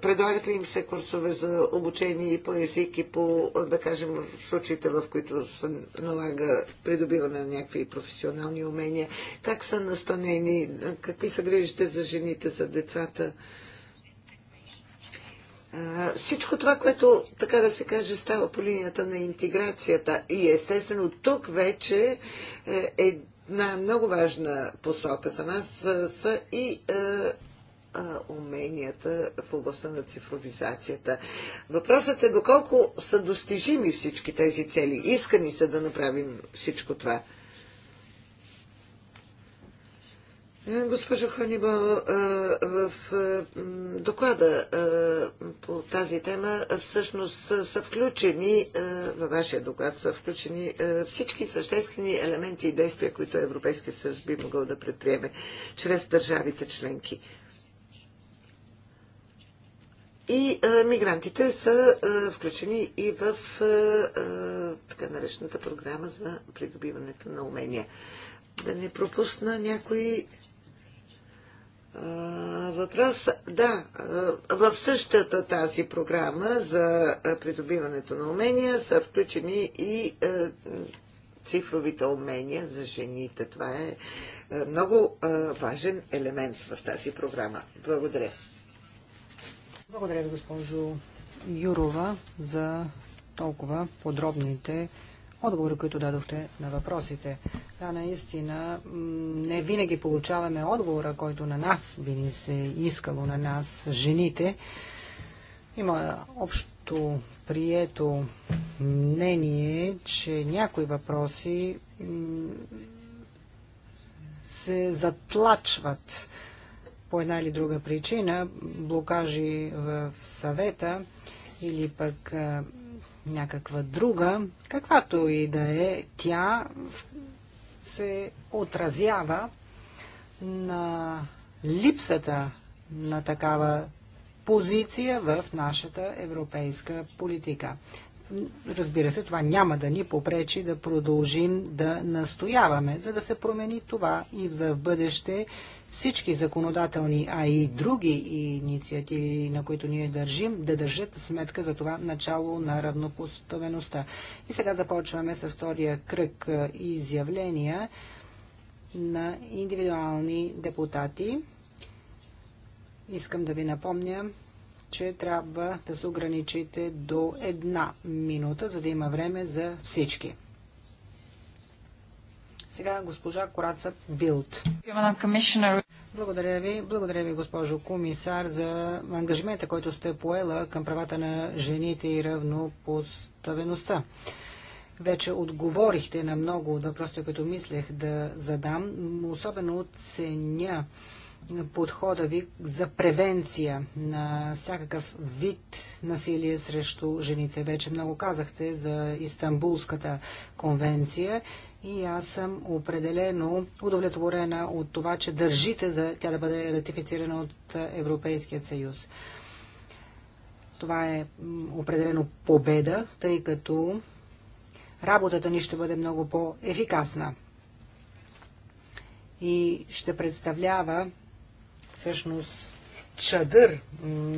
Предлагат ли им се курсове за обучение и по език и по, да кажем, в случаите, в които се налага придобиване на някакви професионални умения? Как са настанени? Какви са грижите за жените, за децата? Всичко това, което, така да се каже, става по линията на интеграцията. И естествено, тук вече е, е една много важна посока за нас са и уменията в областта на цифровизацията. Въпросът е доколко са достижими всички тези цели. Искани са да направим всичко това. Е, госпожо Ханибал, е, в е, доклада по тази тема всъщност са включени, във вашия доклад са включени всички съществени елементи и действия, които Европейския съюз би могъл да предприеме чрез държавите членки. И а, е, мигрантите са а, е, включени и в а, е, а, така наречената програма за придобиването на умения. Да не пропусна някои въпрос. Да, в същата тази програма за придобиването на умения са включени и цифровите умения за жените. Това е много важен елемент в тази програма. Благодаря. Благодаря ви, госпожо Юрова, за толкова подробните отговори, които дадохте на въпросите. Да, наистина, не винаги получаваме отговора, който на нас би ни се искало, на нас, жените. Има общо прието мнение, че някои въпроси се затлачват по една или друга причина, блокажи в съвета или пък а, някаква друга, каквато и да е, тя се отразява на липсата на такава позиция в нашата европейска политика. Разбира се, това няма да ни попречи да продължим да настояваме, за да се промени това и за бъдеще всички законодателни, а и други инициативи, на които ние държим, да държат сметка за това начало на равнопоставеността. И сега започваме с втория кръг изявления на индивидуални депутати. Искам да ви напомня, че трябва да се ограничите до една минута, за да има време за всички. Сега госпожа Кораца Билт. Благодаря ви, благодаря ви, госпожо комисар, за ангажимента, който сте поела към правата на жените и равнопоставеността. Вече отговорихте на много от въпросите, които мислех да задам. Особено ценя подхода ви за превенция на всякакъв вид насилие срещу жените. Вече много казахте за Истанбулската конвенция и аз съм определено удовлетворена от това, че държите за тя да бъде ратифицирана от Европейския съюз. Това е определено победа, тъй като работата ни ще бъде много по-ефикасна и ще представлява всъщност чадър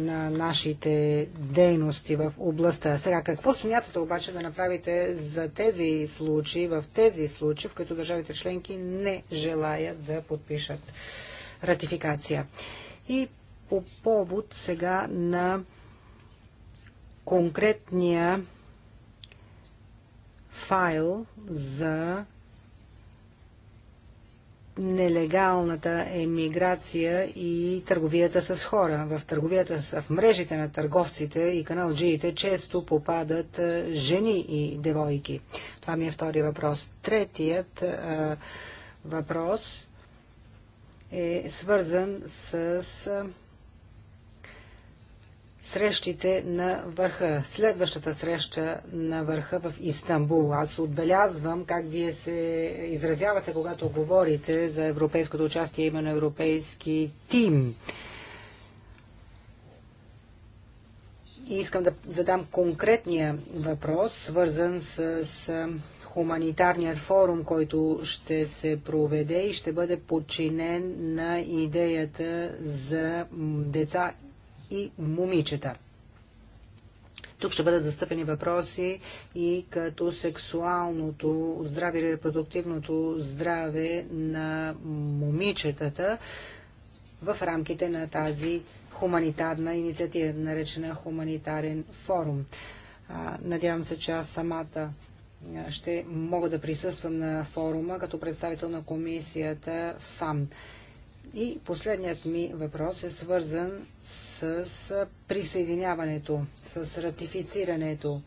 на нашите дейности в областта. Сега, какво смятате обаче да направите за тези случаи, в тези случаи, в които държавите членки не желаят да подпишат ратификация? И по повод сега на конкретния файл за нелегалната емиграция и търговията с хора. В търговията с, в мрежите на търговците и каналджиите често попадат жени и девойки. Това ми е втория въпрос. Третият въпрос е свързан с срещите на върха. Следващата среща на върха в Истанбул. Аз отбелязвам как вие се изразявате, когато говорите за европейското участие, именно европейски тим. И искам да задам конкретния въпрос, свързан с, хуманитарният форум, който ще се проведе и ще бъде подчинен на идеята за деца и момичета. Тук ще бъдат застъпени въпроси и като сексуалното здраве или репродуктивното здраве на момичетата в рамките на тази хуманитарна инициатива, наречена Хуманитарен форум. Надявам се, че аз самата ще мога да присъствам на форума като представител на комисията ФАМ. И последният ми въпрос е свързан с присъединяването, с ратифицирането.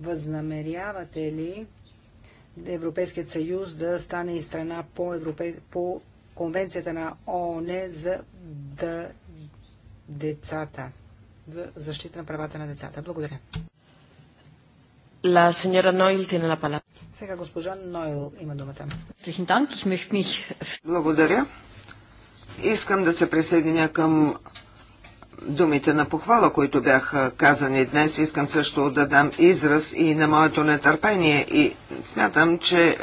Възнамерявате ли Европейският съюз да стане и страна по, европе... по конвенцията на ООН за да... децата, за защита на правата на децата? Благодаря. La señora Noil tiene la palabra. Сега госпожа Нойл има думата. Благодаря. Искам да се присъединя към думите на похвала, които бяха казани днес. Искам също да дам израз и на моето нетърпение и смятам, че е,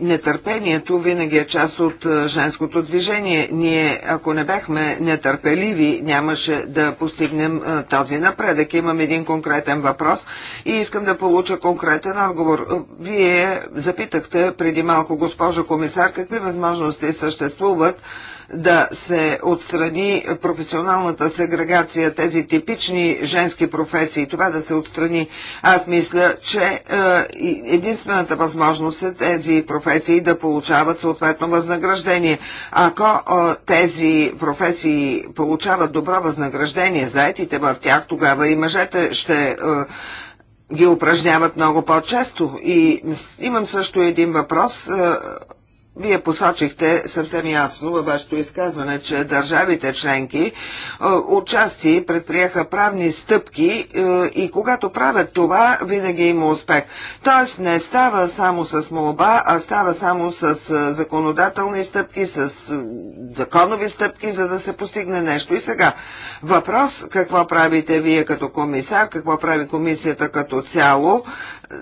нетърпението винаги е част от е, женското движение. Ние, ако не бяхме нетърпеливи, нямаше да постигнем е, този напредък. Имам един конкретен въпрос и искам да получа конкретен отговор. Е, вие запитахте преди малко, госпожа комисар, какви възможности съществуват да се отстрани професионалната сегрегация, тези типични женски професии, това да се отстрани. Аз мисля, че е, единствената възможност е тези професии да получават съответно възнаграждение. Ако е, тези професии получават добро възнаграждение, заетите в тях, тогава и мъжете ще е, ги упражняват много по-често. И имам също един въпрос вие посочихте съвсем ясно във вашето изказване, че държавите членки е, отчасти предприеха правни стъпки е, и когато правят това, винаги има успех. Тоест не става само с молба, а става само с е, законодателни стъпки, с законови стъпки, за да се постигне нещо. И сега въпрос какво правите вие като комисар, какво прави комисията като цяло,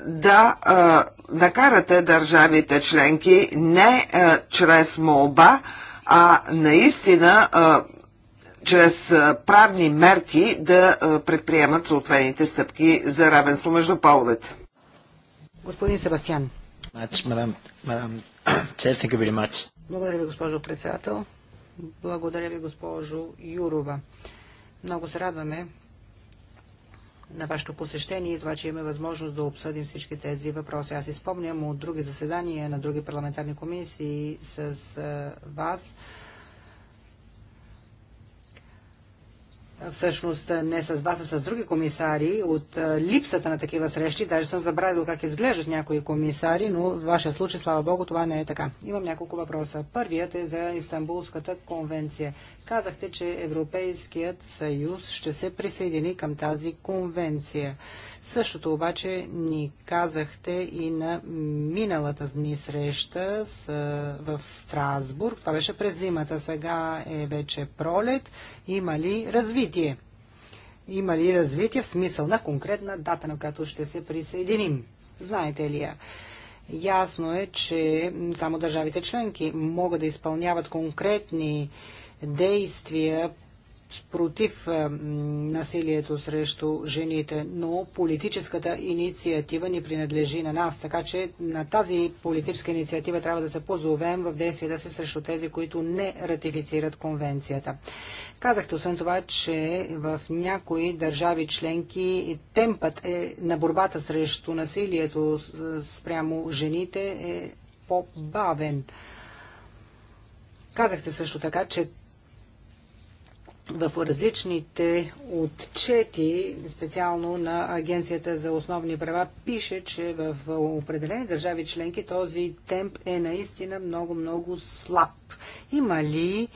да а, накарате държавите членки не а, чрез молба, а наистина а, чрез правни мерки да предприемат съответните стъпки за равенство между половете. Господин Себастьян. Благодаря ви, госпожо председател. Благодаря ви, госпожо Юрова. Много се радваме, на вашето посещение и това, че имаме възможност да обсъдим всички тези въпроси. Аз изпомням от други заседания на други парламентарни комисии с вас всъщност не с вас, а с други комисари, от липсата на такива срещи. Даже съм забравил как изглеждат някои комисари, но в вашия случай, слава Богу, това не е така. Имам няколко въпроса. Първият е за Истанбулската конвенция. Казахте, че Европейският съюз ще се присъедини към тази конвенция. Същото обаче ни казахте и на миналата ни среща с, в Страсбург. Това беше през зимата. Сега е вече пролет. Има ли развитие? развитие. Има ли развитие в смисъл на конкретна дата, на която ще се присъединим? Знаете ли я? Ясно е, че само държавите членки могат да изпълняват конкретни действия против е, насилието срещу жените, но политическата инициатива ни принадлежи на нас, така че на тази политическа инициатива трябва да се позовем в действията си срещу тези, които не ратифицират конвенцията. Казахте освен това, че в някои държави членки темпът е, на борбата срещу насилието спрямо жените е по-бавен. Казахте също така, че в различните отчети, специално на Агенцията за основни права, пише, че в определени държави членки този темп е наистина много-много слаб. Има ли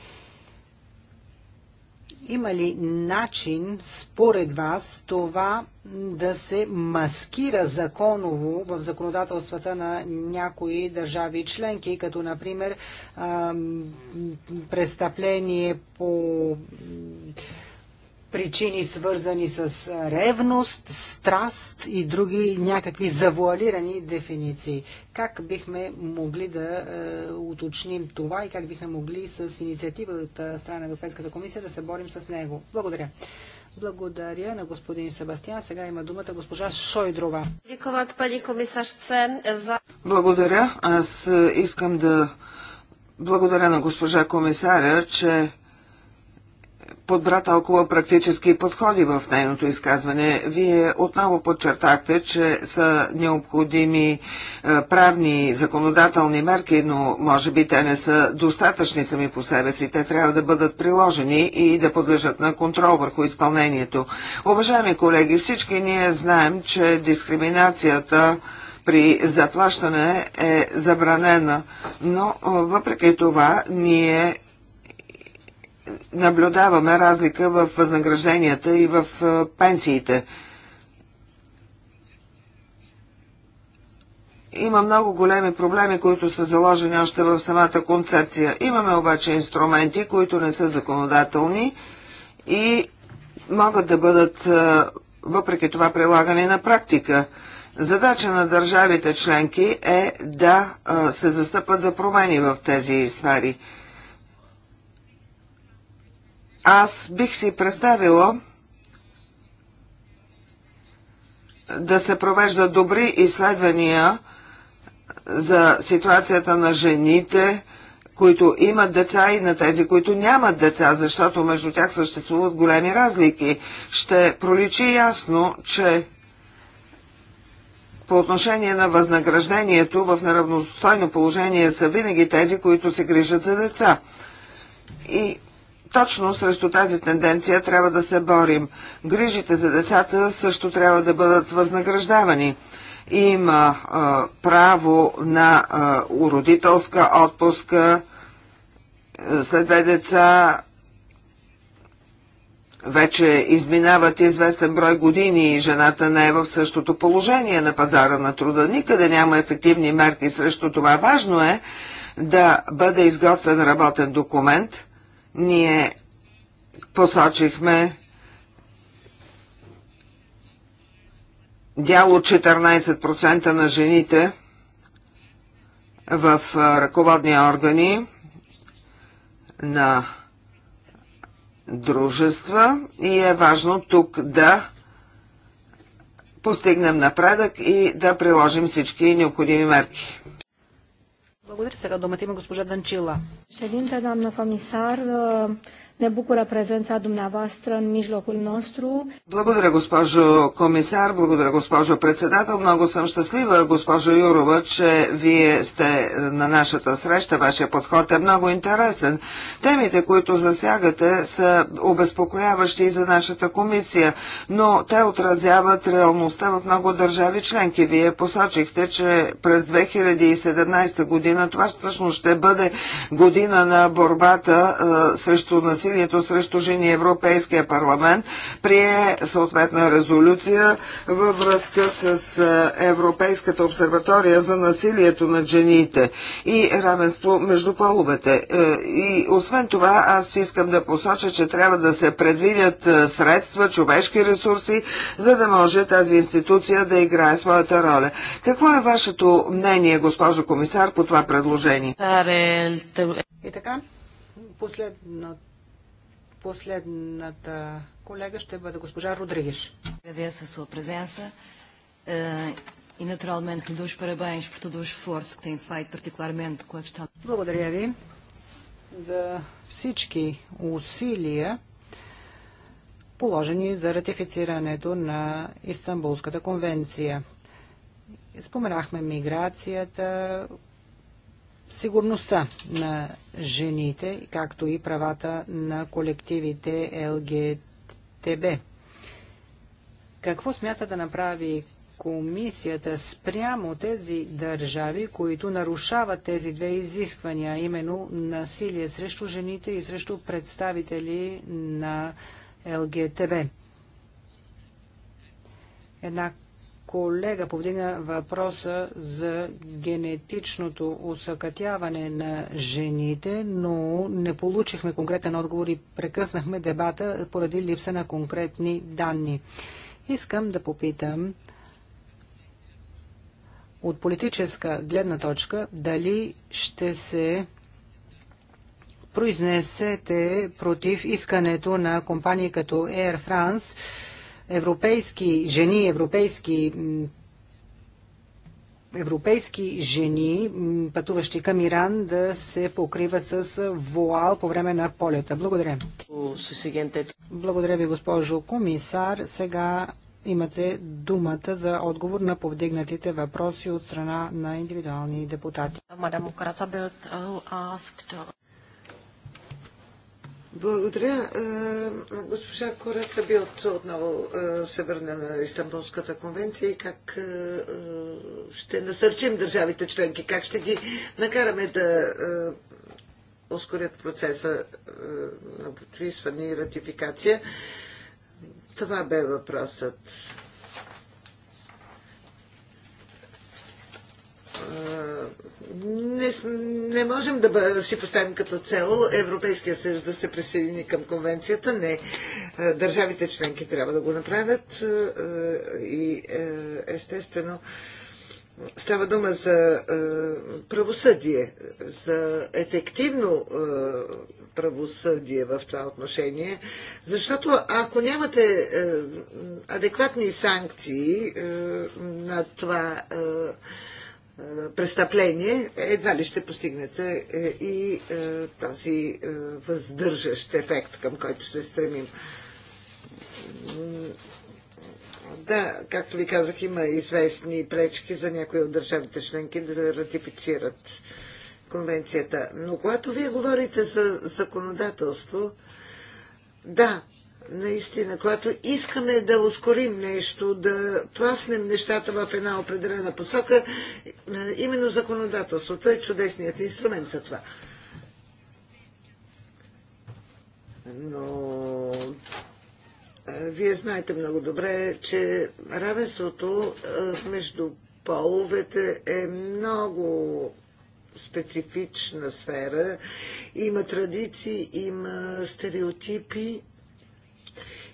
има ли начин, според вас, това да се маскира законово в законодателствата на някои държави членки, като, например, престъпление по причини свързани с ревност, страст и други някакви завуалирани дефиниции. Как бихме могли да е, уточним това и как бихме могли с инициатива от страна на Европейската комисия да се борим с него? Благодаря. Благодаря на господин Себастиан. Сега има думата госпожа Шойдрова. Благодаря. Аз искам да благодаря на госпожа комисаря, че подбра толкова практически подходи в нейното изказване. Вие отново подчертахте, че са необходими е, правни законодателни мерки, но може би те не са достатъчни сами по себе си. Те трябва да бъдат приложени и да подлежат на контрол върху изпълнението. Уважаеми колеги, всички ние знаем, че дискриминацията при заплащане е забранена, но е, въпреки това ние наблюдаваме разлика в възнагражденията и в пенсиите. Има много големи проблеми, които са заложени още в самата концепция. Имаме обаче инструменти, които не са законодателни и могат да бъдат въпреки това прилагани на практика. Задача на държавите членки е да се застъпат за промени в тези сфери. Аз бих си представила да се провеждат добри изследвания за ситуацията на жените, които имат деца и на тези, които нямат деца, защото между тях съществуват големи разлики. Ще проличи ясно, че по отношение на възнаграждението в неравностойно положение са винаги тези, които се грижат за деца. И точно срещу тази тенденция трябва да се борим. Грижите за децата също трябва да бъдат възнаграждавани има е, право на е, уродителска отпуска след две деца вече изминават известен брой години и жената не е в същото положение на пазара на труда. Никъде няма ефективни мерки срещу това. Важно е да бъде изготвен работен документ – ние посочихме дял от 14% на жените в ръководни органи на дружества и е важно тук да постигнем напредък и да приложим всички необходими мерки. Благодаря. Сега думата има госпожа Данчила. Ședинте, doamnă комисар, Ne bucură prezența dumneavoastră în mijlocul nostru. Благодаря, госпожо комисар, благодаря, госпожо председател. Много съм щастлива, госпожо Юрова, че вие сте на нашата среща. Вашия подход е много интересен. Темите, които засягате, са обезпокояващи и за нашата комисия, но те отразяват реалността в много държави членки. Вие посочихте, че през 2017 година това всъщност ще бъде година на борбата а, срещу насилието насилието срещу жени Европейския парламент прие съответна резолюция във връзка с Европейската обсерватория за насилието на жените и равенство между половете. И освен това, аз искам да посоча, че трябва да се предвидят средства, човешки ресурси, за да може тази институция да играе своята роля. Какво е вашето мнение, госпожо комисар, по това предложение? И така, последното Последната колега ще бъде госпожа Родригеш. Agradeço a sua presença eh, e naturalmente lhe dou os parabéns por todo o esforço que tem feito, particularmente com Благодаря ви за всички усилия, положени за ратифицирането на Истанбулската конвенция. Споменахме миграцията, сигурността на жените, както и правата на колективите ЛГТБ. Какво смята да направи комисията спрямо тези държави, които нарушават тези две изисквания, именно насилие срещу жените и срещу представители на ЛГТБ? Една колега повдигна въпроса за генетичното усъкътяване на жените, но не получихме конкретен отговор и прекъснахме дебата поради липса на конкретни данни. Искам да попитам от политическа гледна точка дали ще се произнесете против искането на компании като Air France европейски жени, европейски европейски жени, пътуващи към Иран, да се покриват с вуал по време на полета. Благодаря. Благодаря ви, госпожо комисар. Сега имате думата за отговор на повдигнатите въпроси от страна на индивидуални депутати. Благодаря. Е, госпожа Кораца от, отново е, се върна на Истанбулската конвенция и как е, ще насърчим държавите членки, как ще ги накараме да ускорят процеса на подписване и ратификация. Това бе въпросът. Е, не, не можем да си поставим като цел Европейския съюз да се присъедини към конвенцията. Не. Е, държавите членки трябва да го направят е, и естествено става дума за правосъдие, за ефективно правосъдие в това отношение, защото ако нямате адекватни санкции на това престъпление, едва ли ще постигнете е, и е, този е, въздържащ ефект, към който се стремим. Да, както ви казах, има известни пречки за някои от държавите членки да ратифицират конвенцията. Но когато вие говорите за законодателство, да, наистина, когато искаме да ускорим нещо, да тласнем нещата в една определена посока, е, именно законодателството е чудесният инструмент за това. Но е, вие знаете много добре, че равенството е, между половете е много специфична сфера. Има традиции, има стереотипи,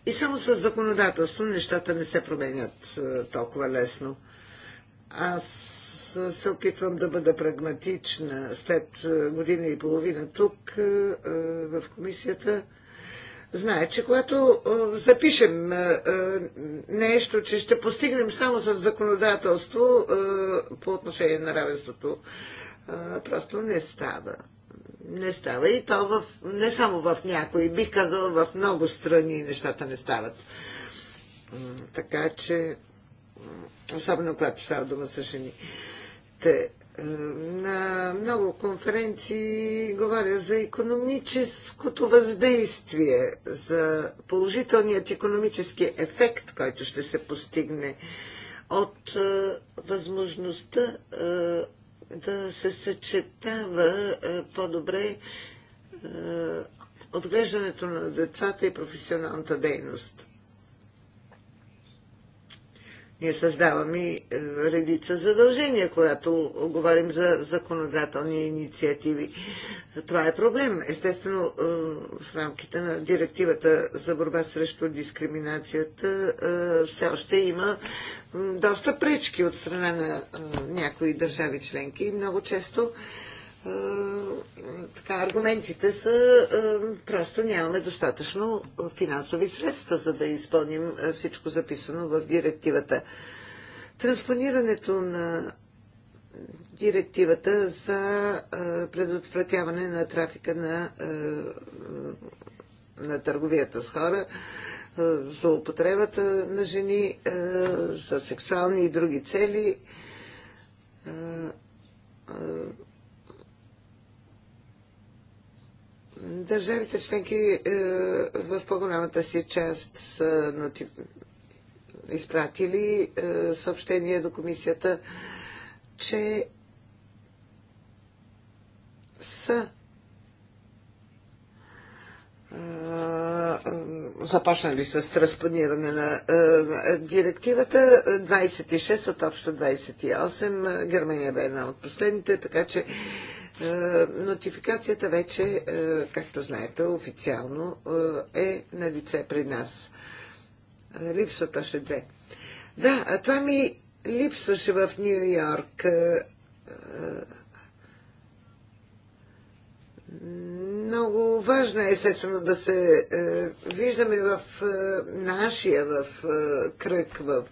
и само с законодателство нещата не се променят е, толкова лесно. Аз се опитвам да бъда прагматична след е, година и половина тук е, в комисията. Знае, че когато запишем нещо, че ще постигнем само с законодателство по отношение на равенството, просто не става не става. И то в, не само в някои, бих казала в много страни нещата не стават. Така че, особено когато става дума за жени. Те, е, на много конференции говоря за економическото въздействие, за положителният економически ефект, който ще се постигне от е, възможността е, да се съчетава е, по-добре е, отглеждането на децата и професионалната дейност ние създаваме е, редица задължения, когато говорим за законодателни инициативи. Това е проблем. Естествено, е, в рамките на директивата за борба срещу дискриминацията е, все още има доста пречки от страна на някои държави членки и много често е, така, аргументите са е, просто нямаме достатъчно финансови средства, за да изпълним е, всичко записано в директивата. Транспонирането на директивата за предотвратяване на трафика на, на търговията с хора, за употребата на жени, за сексуални и други цели Държавите членки е, в по-голямата си част са изпратили е, съобщение до комисията, че са е, започнали с транспониране на директивата. 26 от общо 28. Германия бе една от последните, така че е, нотификацията вече, е, както знаете, официално е, е на лице при нас. Липсата ще две. Да, това ми липсваше в Нью Йорк. Много важно е, естествено, да се виждаме в нашия, в кръг, в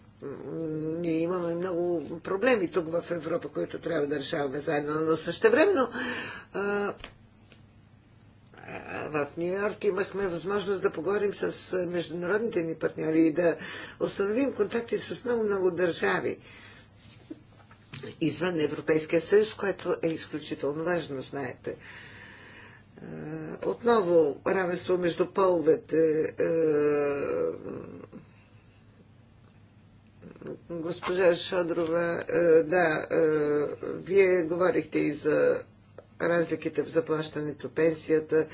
ние имаме много проблеми тук в Европа, които трябва да решаваме заедно, но времено в Нью Йорк имахме възможност да поговорим с международните ни партньори и да установим контакти с много-много държави извън Европейския съюз, което е изключително важно, знаете. Отново равенство между половете, госпожа Шодрова, е, да, е, вие говорихте и за разликите в заплащането, пенсията.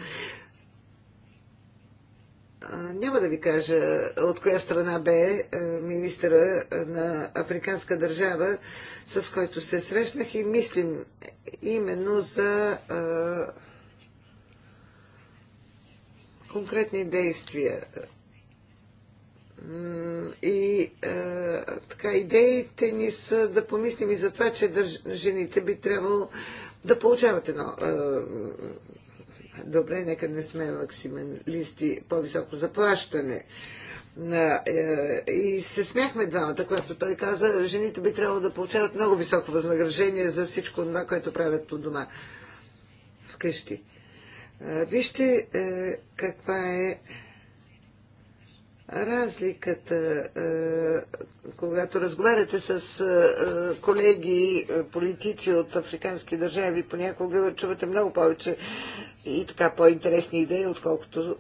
Няма да ви кажа от коя страна бе е, министъра на африканска държава, с който се срещнах и мислим именно за конкретни действия и е, така, идеите ни са да помислим и за това, че държ... жените би трябвало да получават едно. Е, добре, нека не сме максималисти, по-високо заплащане. Е, и се смяхме двамата, когато той каза, жените би трябвало да получават много високо възнаграждение за всичко това, което правят от дома, вкъщи. Е, вижте е, каква е разликата, е, когато разговаряте с е, колеги, е, политици от африкански държави, понякога чувате много повече и така по-интересни идеи, отколкото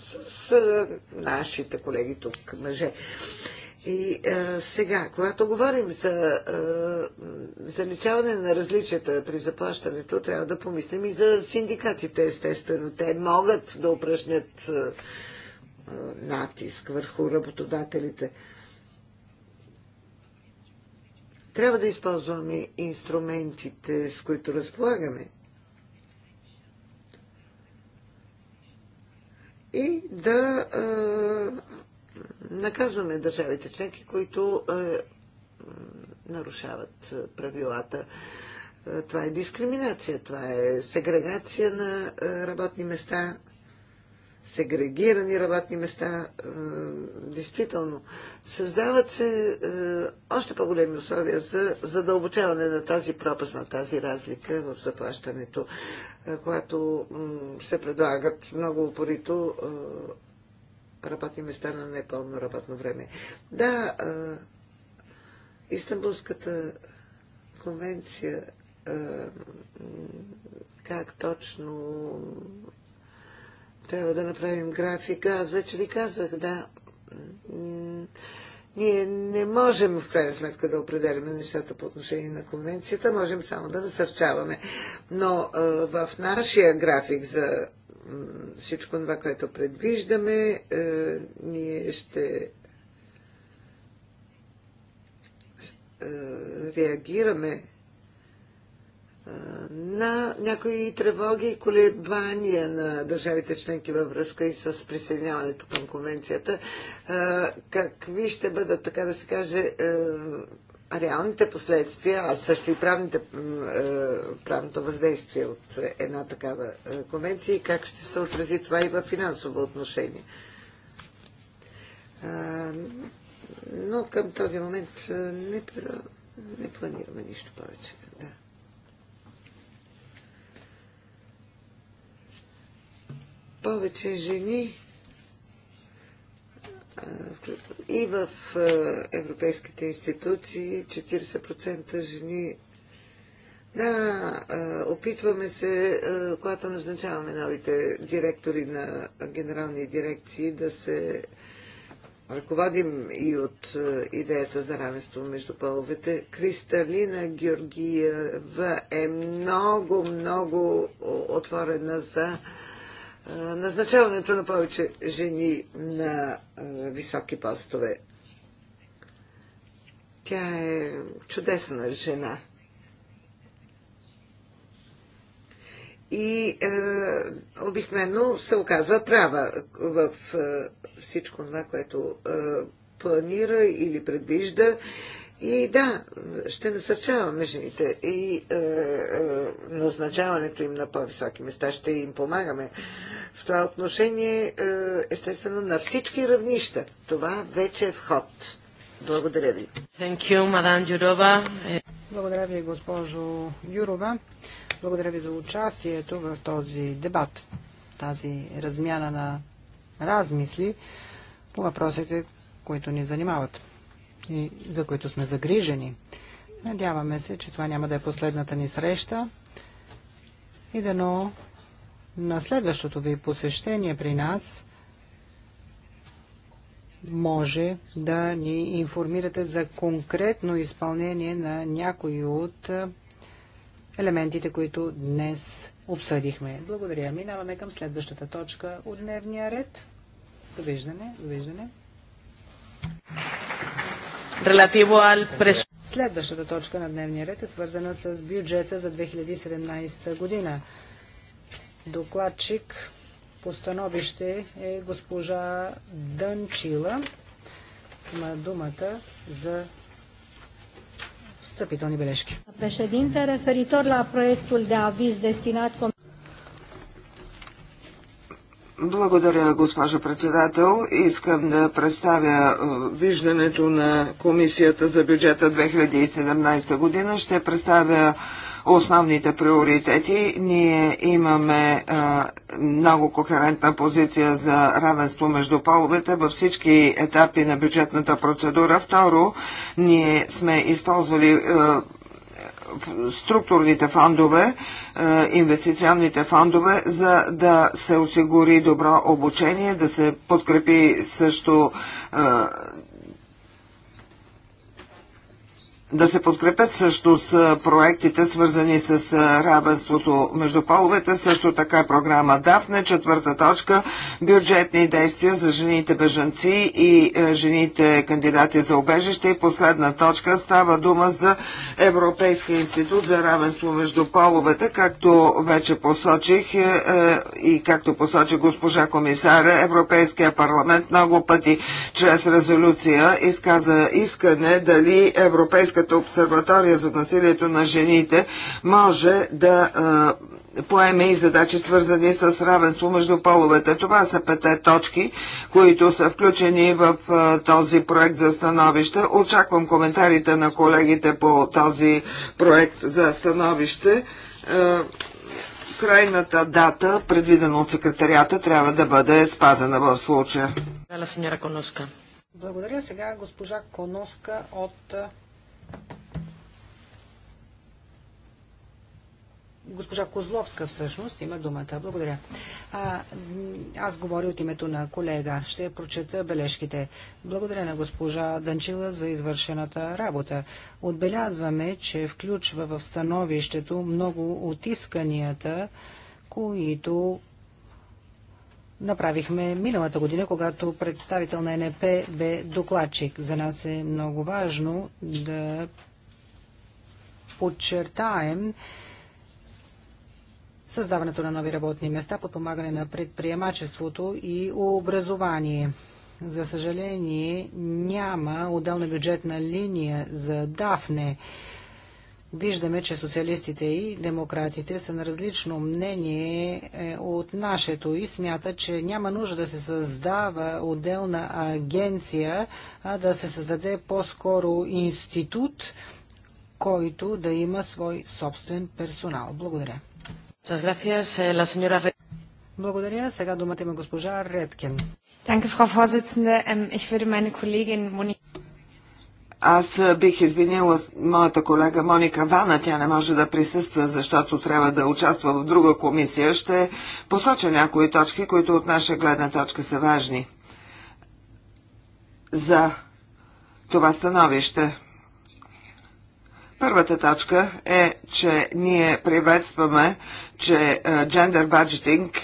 с нашите колеги тук, мъже. И сега, когато говорим за заличаване на различията при заплащането, трябва да помислим и за синдикатите, естествено. Те могат да упражнят натиск върху работодателите. Трябва да използваме инструментите, с които разполагаме. И да е, наказваме държавите членки, които е, нарушават правилата. Това е дискриминация, това е сегрегация на работни места, сегрегирани работни места. Е, действително, създават се е, още по-големи условия за задълбочаване на тази пропаст, на тази разлика в заплащането, е, когато се предлагат много упорито работни места на непълно работно време. Да, Истанбулската конвенция как точно трябва да направим графика. Аз вече ви казах, да. Ние не можем в крайна сметка да определяме нещата по отношение на конвенцията, можем само да насърчаваме. Но в нашия график за всичко това, което предвиждаме, ние ще реагираме на някои тревоги и колебания на държавите членки във връзка и с присъединяването към конвенцията. Какви ще бъдат, така да се каже, е, реалните последствия, а също и правните, е, правното въздействие от една такава е, конвенция и как ще се отрази това и в финансово отношение? Но към този момент не, не планираме нищо повече. Да. повече жени и в европейските институции 40% жени. Да, опитваме се, когато назначаваме новите директори на генерални дирекции, да се ръководим и от идеята за равенство между половете. Кристалина Георгиева е много, много отворена за назначаването на повече жени на високи постове. Тя е чудесна жена. И е, обикновено се оказва права в е, всичко това, което е, планира или предвижда. Е, и да, ще насърчаваме жените и е, е, назначаването им на по-високи места. Ще им помагаме. В това отношение, е, естествено, на всички равнища. Това вече е вход. Благодаря ви. Thank you, Madame Юрова. Благодаря ви, госпожо Юрова. Благодаря ви за участието в този дебат, тази размяна на размисли по въпросите, които ни занимават и за които сме загрижени. Надяваме се, че това няма да е последната ни среща и да но на следващото ви посещение при нас може да ни информирате за конкретно изпълнение на някои от елементите, които днес обсъдихме. Благодаря. Минаваме към следващата точка от дневния ред. Довиждане, довиждане. Следващата точка на дневния ред е свързана с бюджета за 2017 година. Докладчик по становище е госпожа Дънчила. Има думата за встъпителни бележки. Președинте, реферитор la proiectul de aviz destinat благодаря, госпожо председател. Искам да представя е, виждането на Комисията за бюджета 2017 година. Ще представя основните приоритети. Ние имаме е, много кохерентна позиция за равенство между половете във всички етапи на бюджетната процедура. Второ, ние сме използвали е, структурните фондове, е, инвестиционните фондове, за да се осигури добро обучение, да се подкрепи също е, да се подкрепят също с проектите, свързани с равенството между половете, също така програма ДАФНЕ, четвърта точка, бюджетни действия за жените бежанци и жените кандидати за обежище и последна точка става дума за Европейския институт за равенство между половете, както вече посочих и както посочи госпожа комисаря, Европейския парламент много пъти чрез резолюция изказа искане дали Европейска Европейската обсерватория за насилието на жените може да поеме и задачи свързани с равенство между половете. Това са пете точки, които са включени в този проект за становище. Очаквам коментарите на колегите по този проект за становище. Крайната дата, предвидена от секретарията, трябва да бъде спазена в случая. Благодаря сега госпожа Коноска от Госпожа Козловска всъщност има думата. Благодаря. А, аз говоря от името на колега. Ще прочета бележките. Благодаря на госпожа Данчила за извършената работа. Отбелязваме, че включва в становището много от исканията, които направихме миналата година, когато представител на НП бе докладчик. За нас е много важно да подчертаем създаването на нови работни места, подпомагане на предприемачеството и образование. За съжаление, няма отделна бюджетна линия за Дафне. Виждаме, че социалистите и демократите са на различно мнение е, от нашето и смятат, че няма нужда да се създава отделна агенция, а да се създаде по-скоро институт, който да има свой собствен персонал. Благодаря. Eh, Благодаря. Сега думата има госпожа Редкен. Благодаря, госпожа Редкен. Аз бих извинила моята колега Моника Вана, тя не може да присъства, защото трябва да участва в друга комисия. Ще посоча някои точки, които от наша гледна точка са важни за това становище. Първата точка е, че ние приветстваме, че джендър баджетинг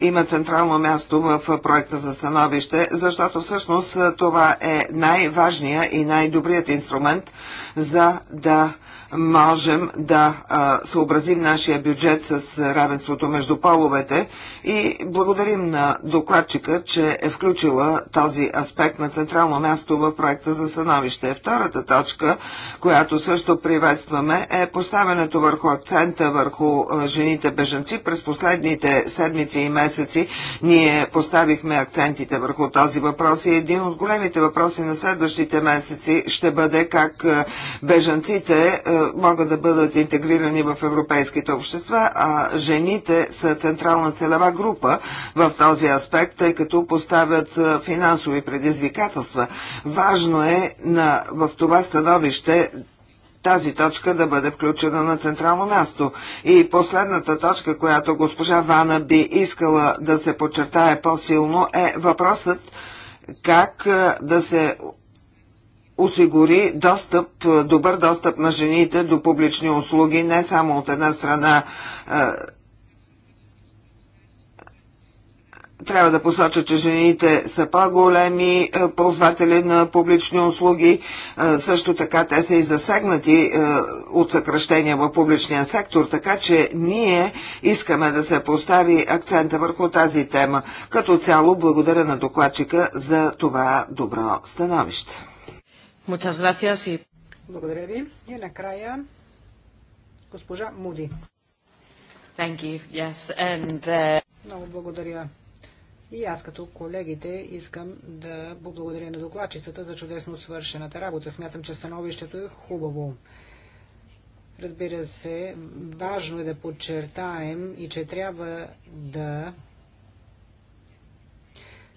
има централно място в проекта за становище, защото всъщност това е най-важният и най-добрият инструмент за да можем да съобразим нашия бюджет с равенството между половете и благодарим на докладчика, че е включила този аспект на централно място в проекта за становище. Втората точка, която също приветстваме, е поставянето върху акцента върху жените беженци. През последните седмици и месеци ние поставихме акцентите върху този въпрос и един от големите въпроси на следващите месеци ще бъде как бежанците могат да бъдат интегрирани в европейските общества, а жените са централна целева група в този аспект, тъй като поставят финансови предизвикателства. Важно е на, в това становище тази точка да бъде включена на централно място. И последната точка, която госпожа Вана би искала да се подчертае по-силно е въпросът как да се осигури достъп, е, добър достъп на жените до публични услуги, не само от една страна е, трябва да посоча, че жените са по-големи е, ползватели на публични услуги. Също така те са и засегнати от съкръщения в публичния сектор, така че ние искаме да се постави акцента върху тази тема. Като цяло благодаря на докладчика за това добро становище. Muchas gracias y... Благодаря ви. И накрая госпожа Муди. Thank you. Yes. And, uh... Много благодаря. И аз като колегите искам да благодаря на докладчицата за чудесно свършената работа. Смятам, че становището е хубаво. Разбира се, важно е да подчертаем и че трябва да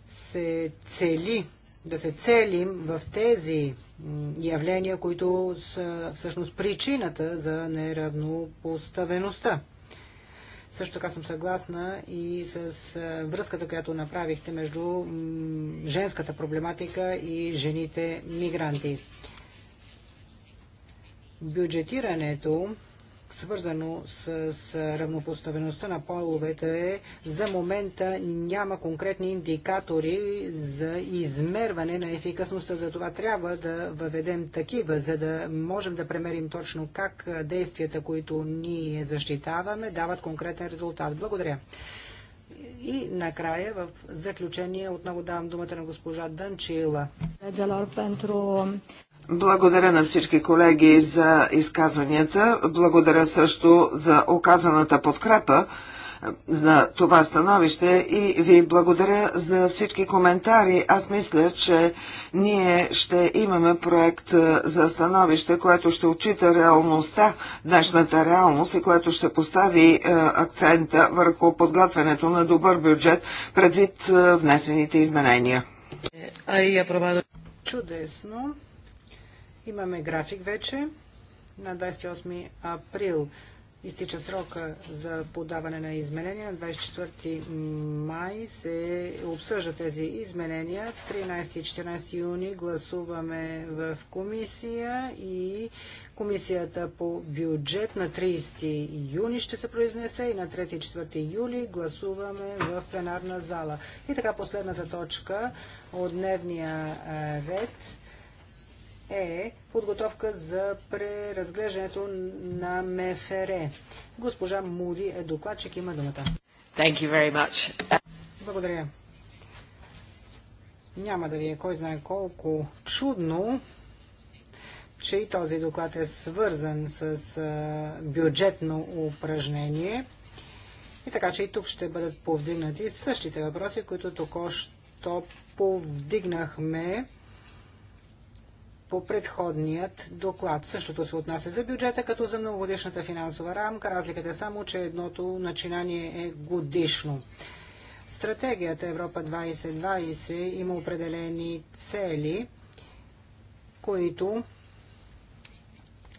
се цели да се целим в тези явления, които са всъщност причината за неравнопоставеността. Също така съм съгласна и с връзката, която направихте между женската проблематика и жените мигранти. Бюджетирането свързано с, с равнопоставеността на половете, за момента няма конкретни индикатори за измерване на ефикасността. За това трябва да въведем такива, за да можем да премерим точно как действията, които ние защитаваме, дават конкретен резултат. Благодаря. И накрая, в заключение, отново давам думата на госпожа Данчила. Благодаря на всички колеги за изказванията. Благодаря също за оказаната подкрепа е, на това становище и ви благодаря за всички коментари. Аз мисля, че ние ще имаме проект е, за становище, което ще отчита реалността, днешната реалност и което ще постави е, акцента върху подготвянето на добър бюджет предвид внесените изменения. Чудесно. Имаме график вече. На 28 април изтича срока за подаване на изменения. На 24 май се обсъжда тези изменения. 13 и 14 юни гласуваме в комисия и комисията по бюджет на 30 юни ще се произнесе и на 3 и 4 юли гласуваме в пленарна зала. И така последната точка от дневния е, ред е подготовка за преразглеждането на МФР. Госпожа Муди е докладчик, има думата. Thank you very much. Благодаря. Няма да ви е кой знае колко чудно, че и този доклад е свързан с бюджетно упражнение. И така, че и тук ще бъдат повдигнати същите въпроси, които току-що повдигнахме по предходният доклад. Същото се отнася за бюджета, като за многогодишната финансова рамка. Разликата е само, че едното начинание е годишно. Стратегията Европа 2020 има определени цели, които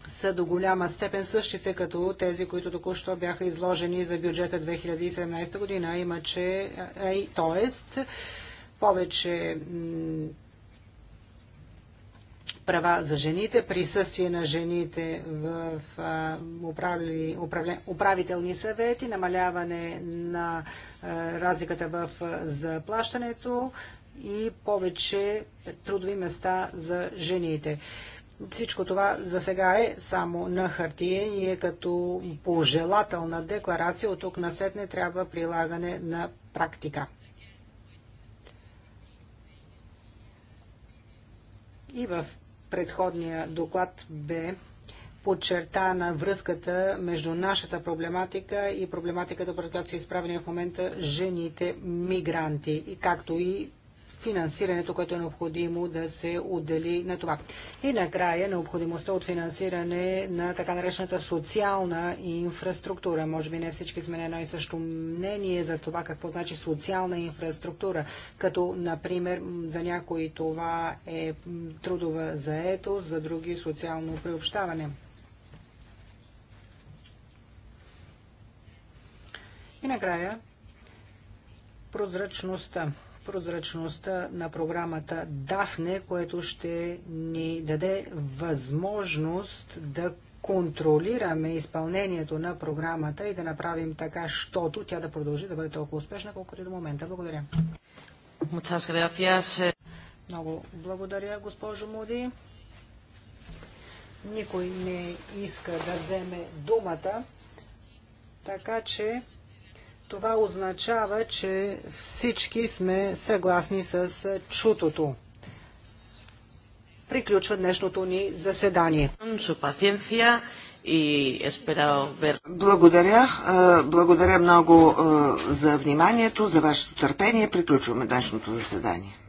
са до голяма степен същите като тези, които току-що бяха изложени за бюджета 2017 година. Има, че, т.е. повече права за жените, присъствие на жените в управли, управля, управителни съвети, намаляване на разликата в заплащането и повече трудови места за жените. Всичко това за сега е само на хартие и е като пожелателна декларация. От тук на не трябва прилагане на практика. И в предходния доклад бе подчертана връзката между нашата проблематика и проблематиката, пред която са изправени в момента жените мигранти, както и финансирането, което е необходимо да се отдели на това. И накрая необходимостта от финансиране на така наречената социална инфраструктура. Може би не всички сме на едно и също мнение за това какво значи социална инфраструктура, като например за някои това е трудова заетост, за други социално приобщаване. И накрая прозрачността прозрачността на програмата DAFNE, което ще ни даде възможност да контролираме изпълнението на програмата и да направим така, щото тя да продължи да бъде толкова успешна, колкото и до момента. Благодаря. Много благодаря, госпожо Муди. Никой не иска да вземе думата, така че това означава, че всички сме съгласни с чутото. Приключва днешното ни заседание. Благодаря. Благодаря много за вниманието, за вашето търпение. Приключваме днешното заседание.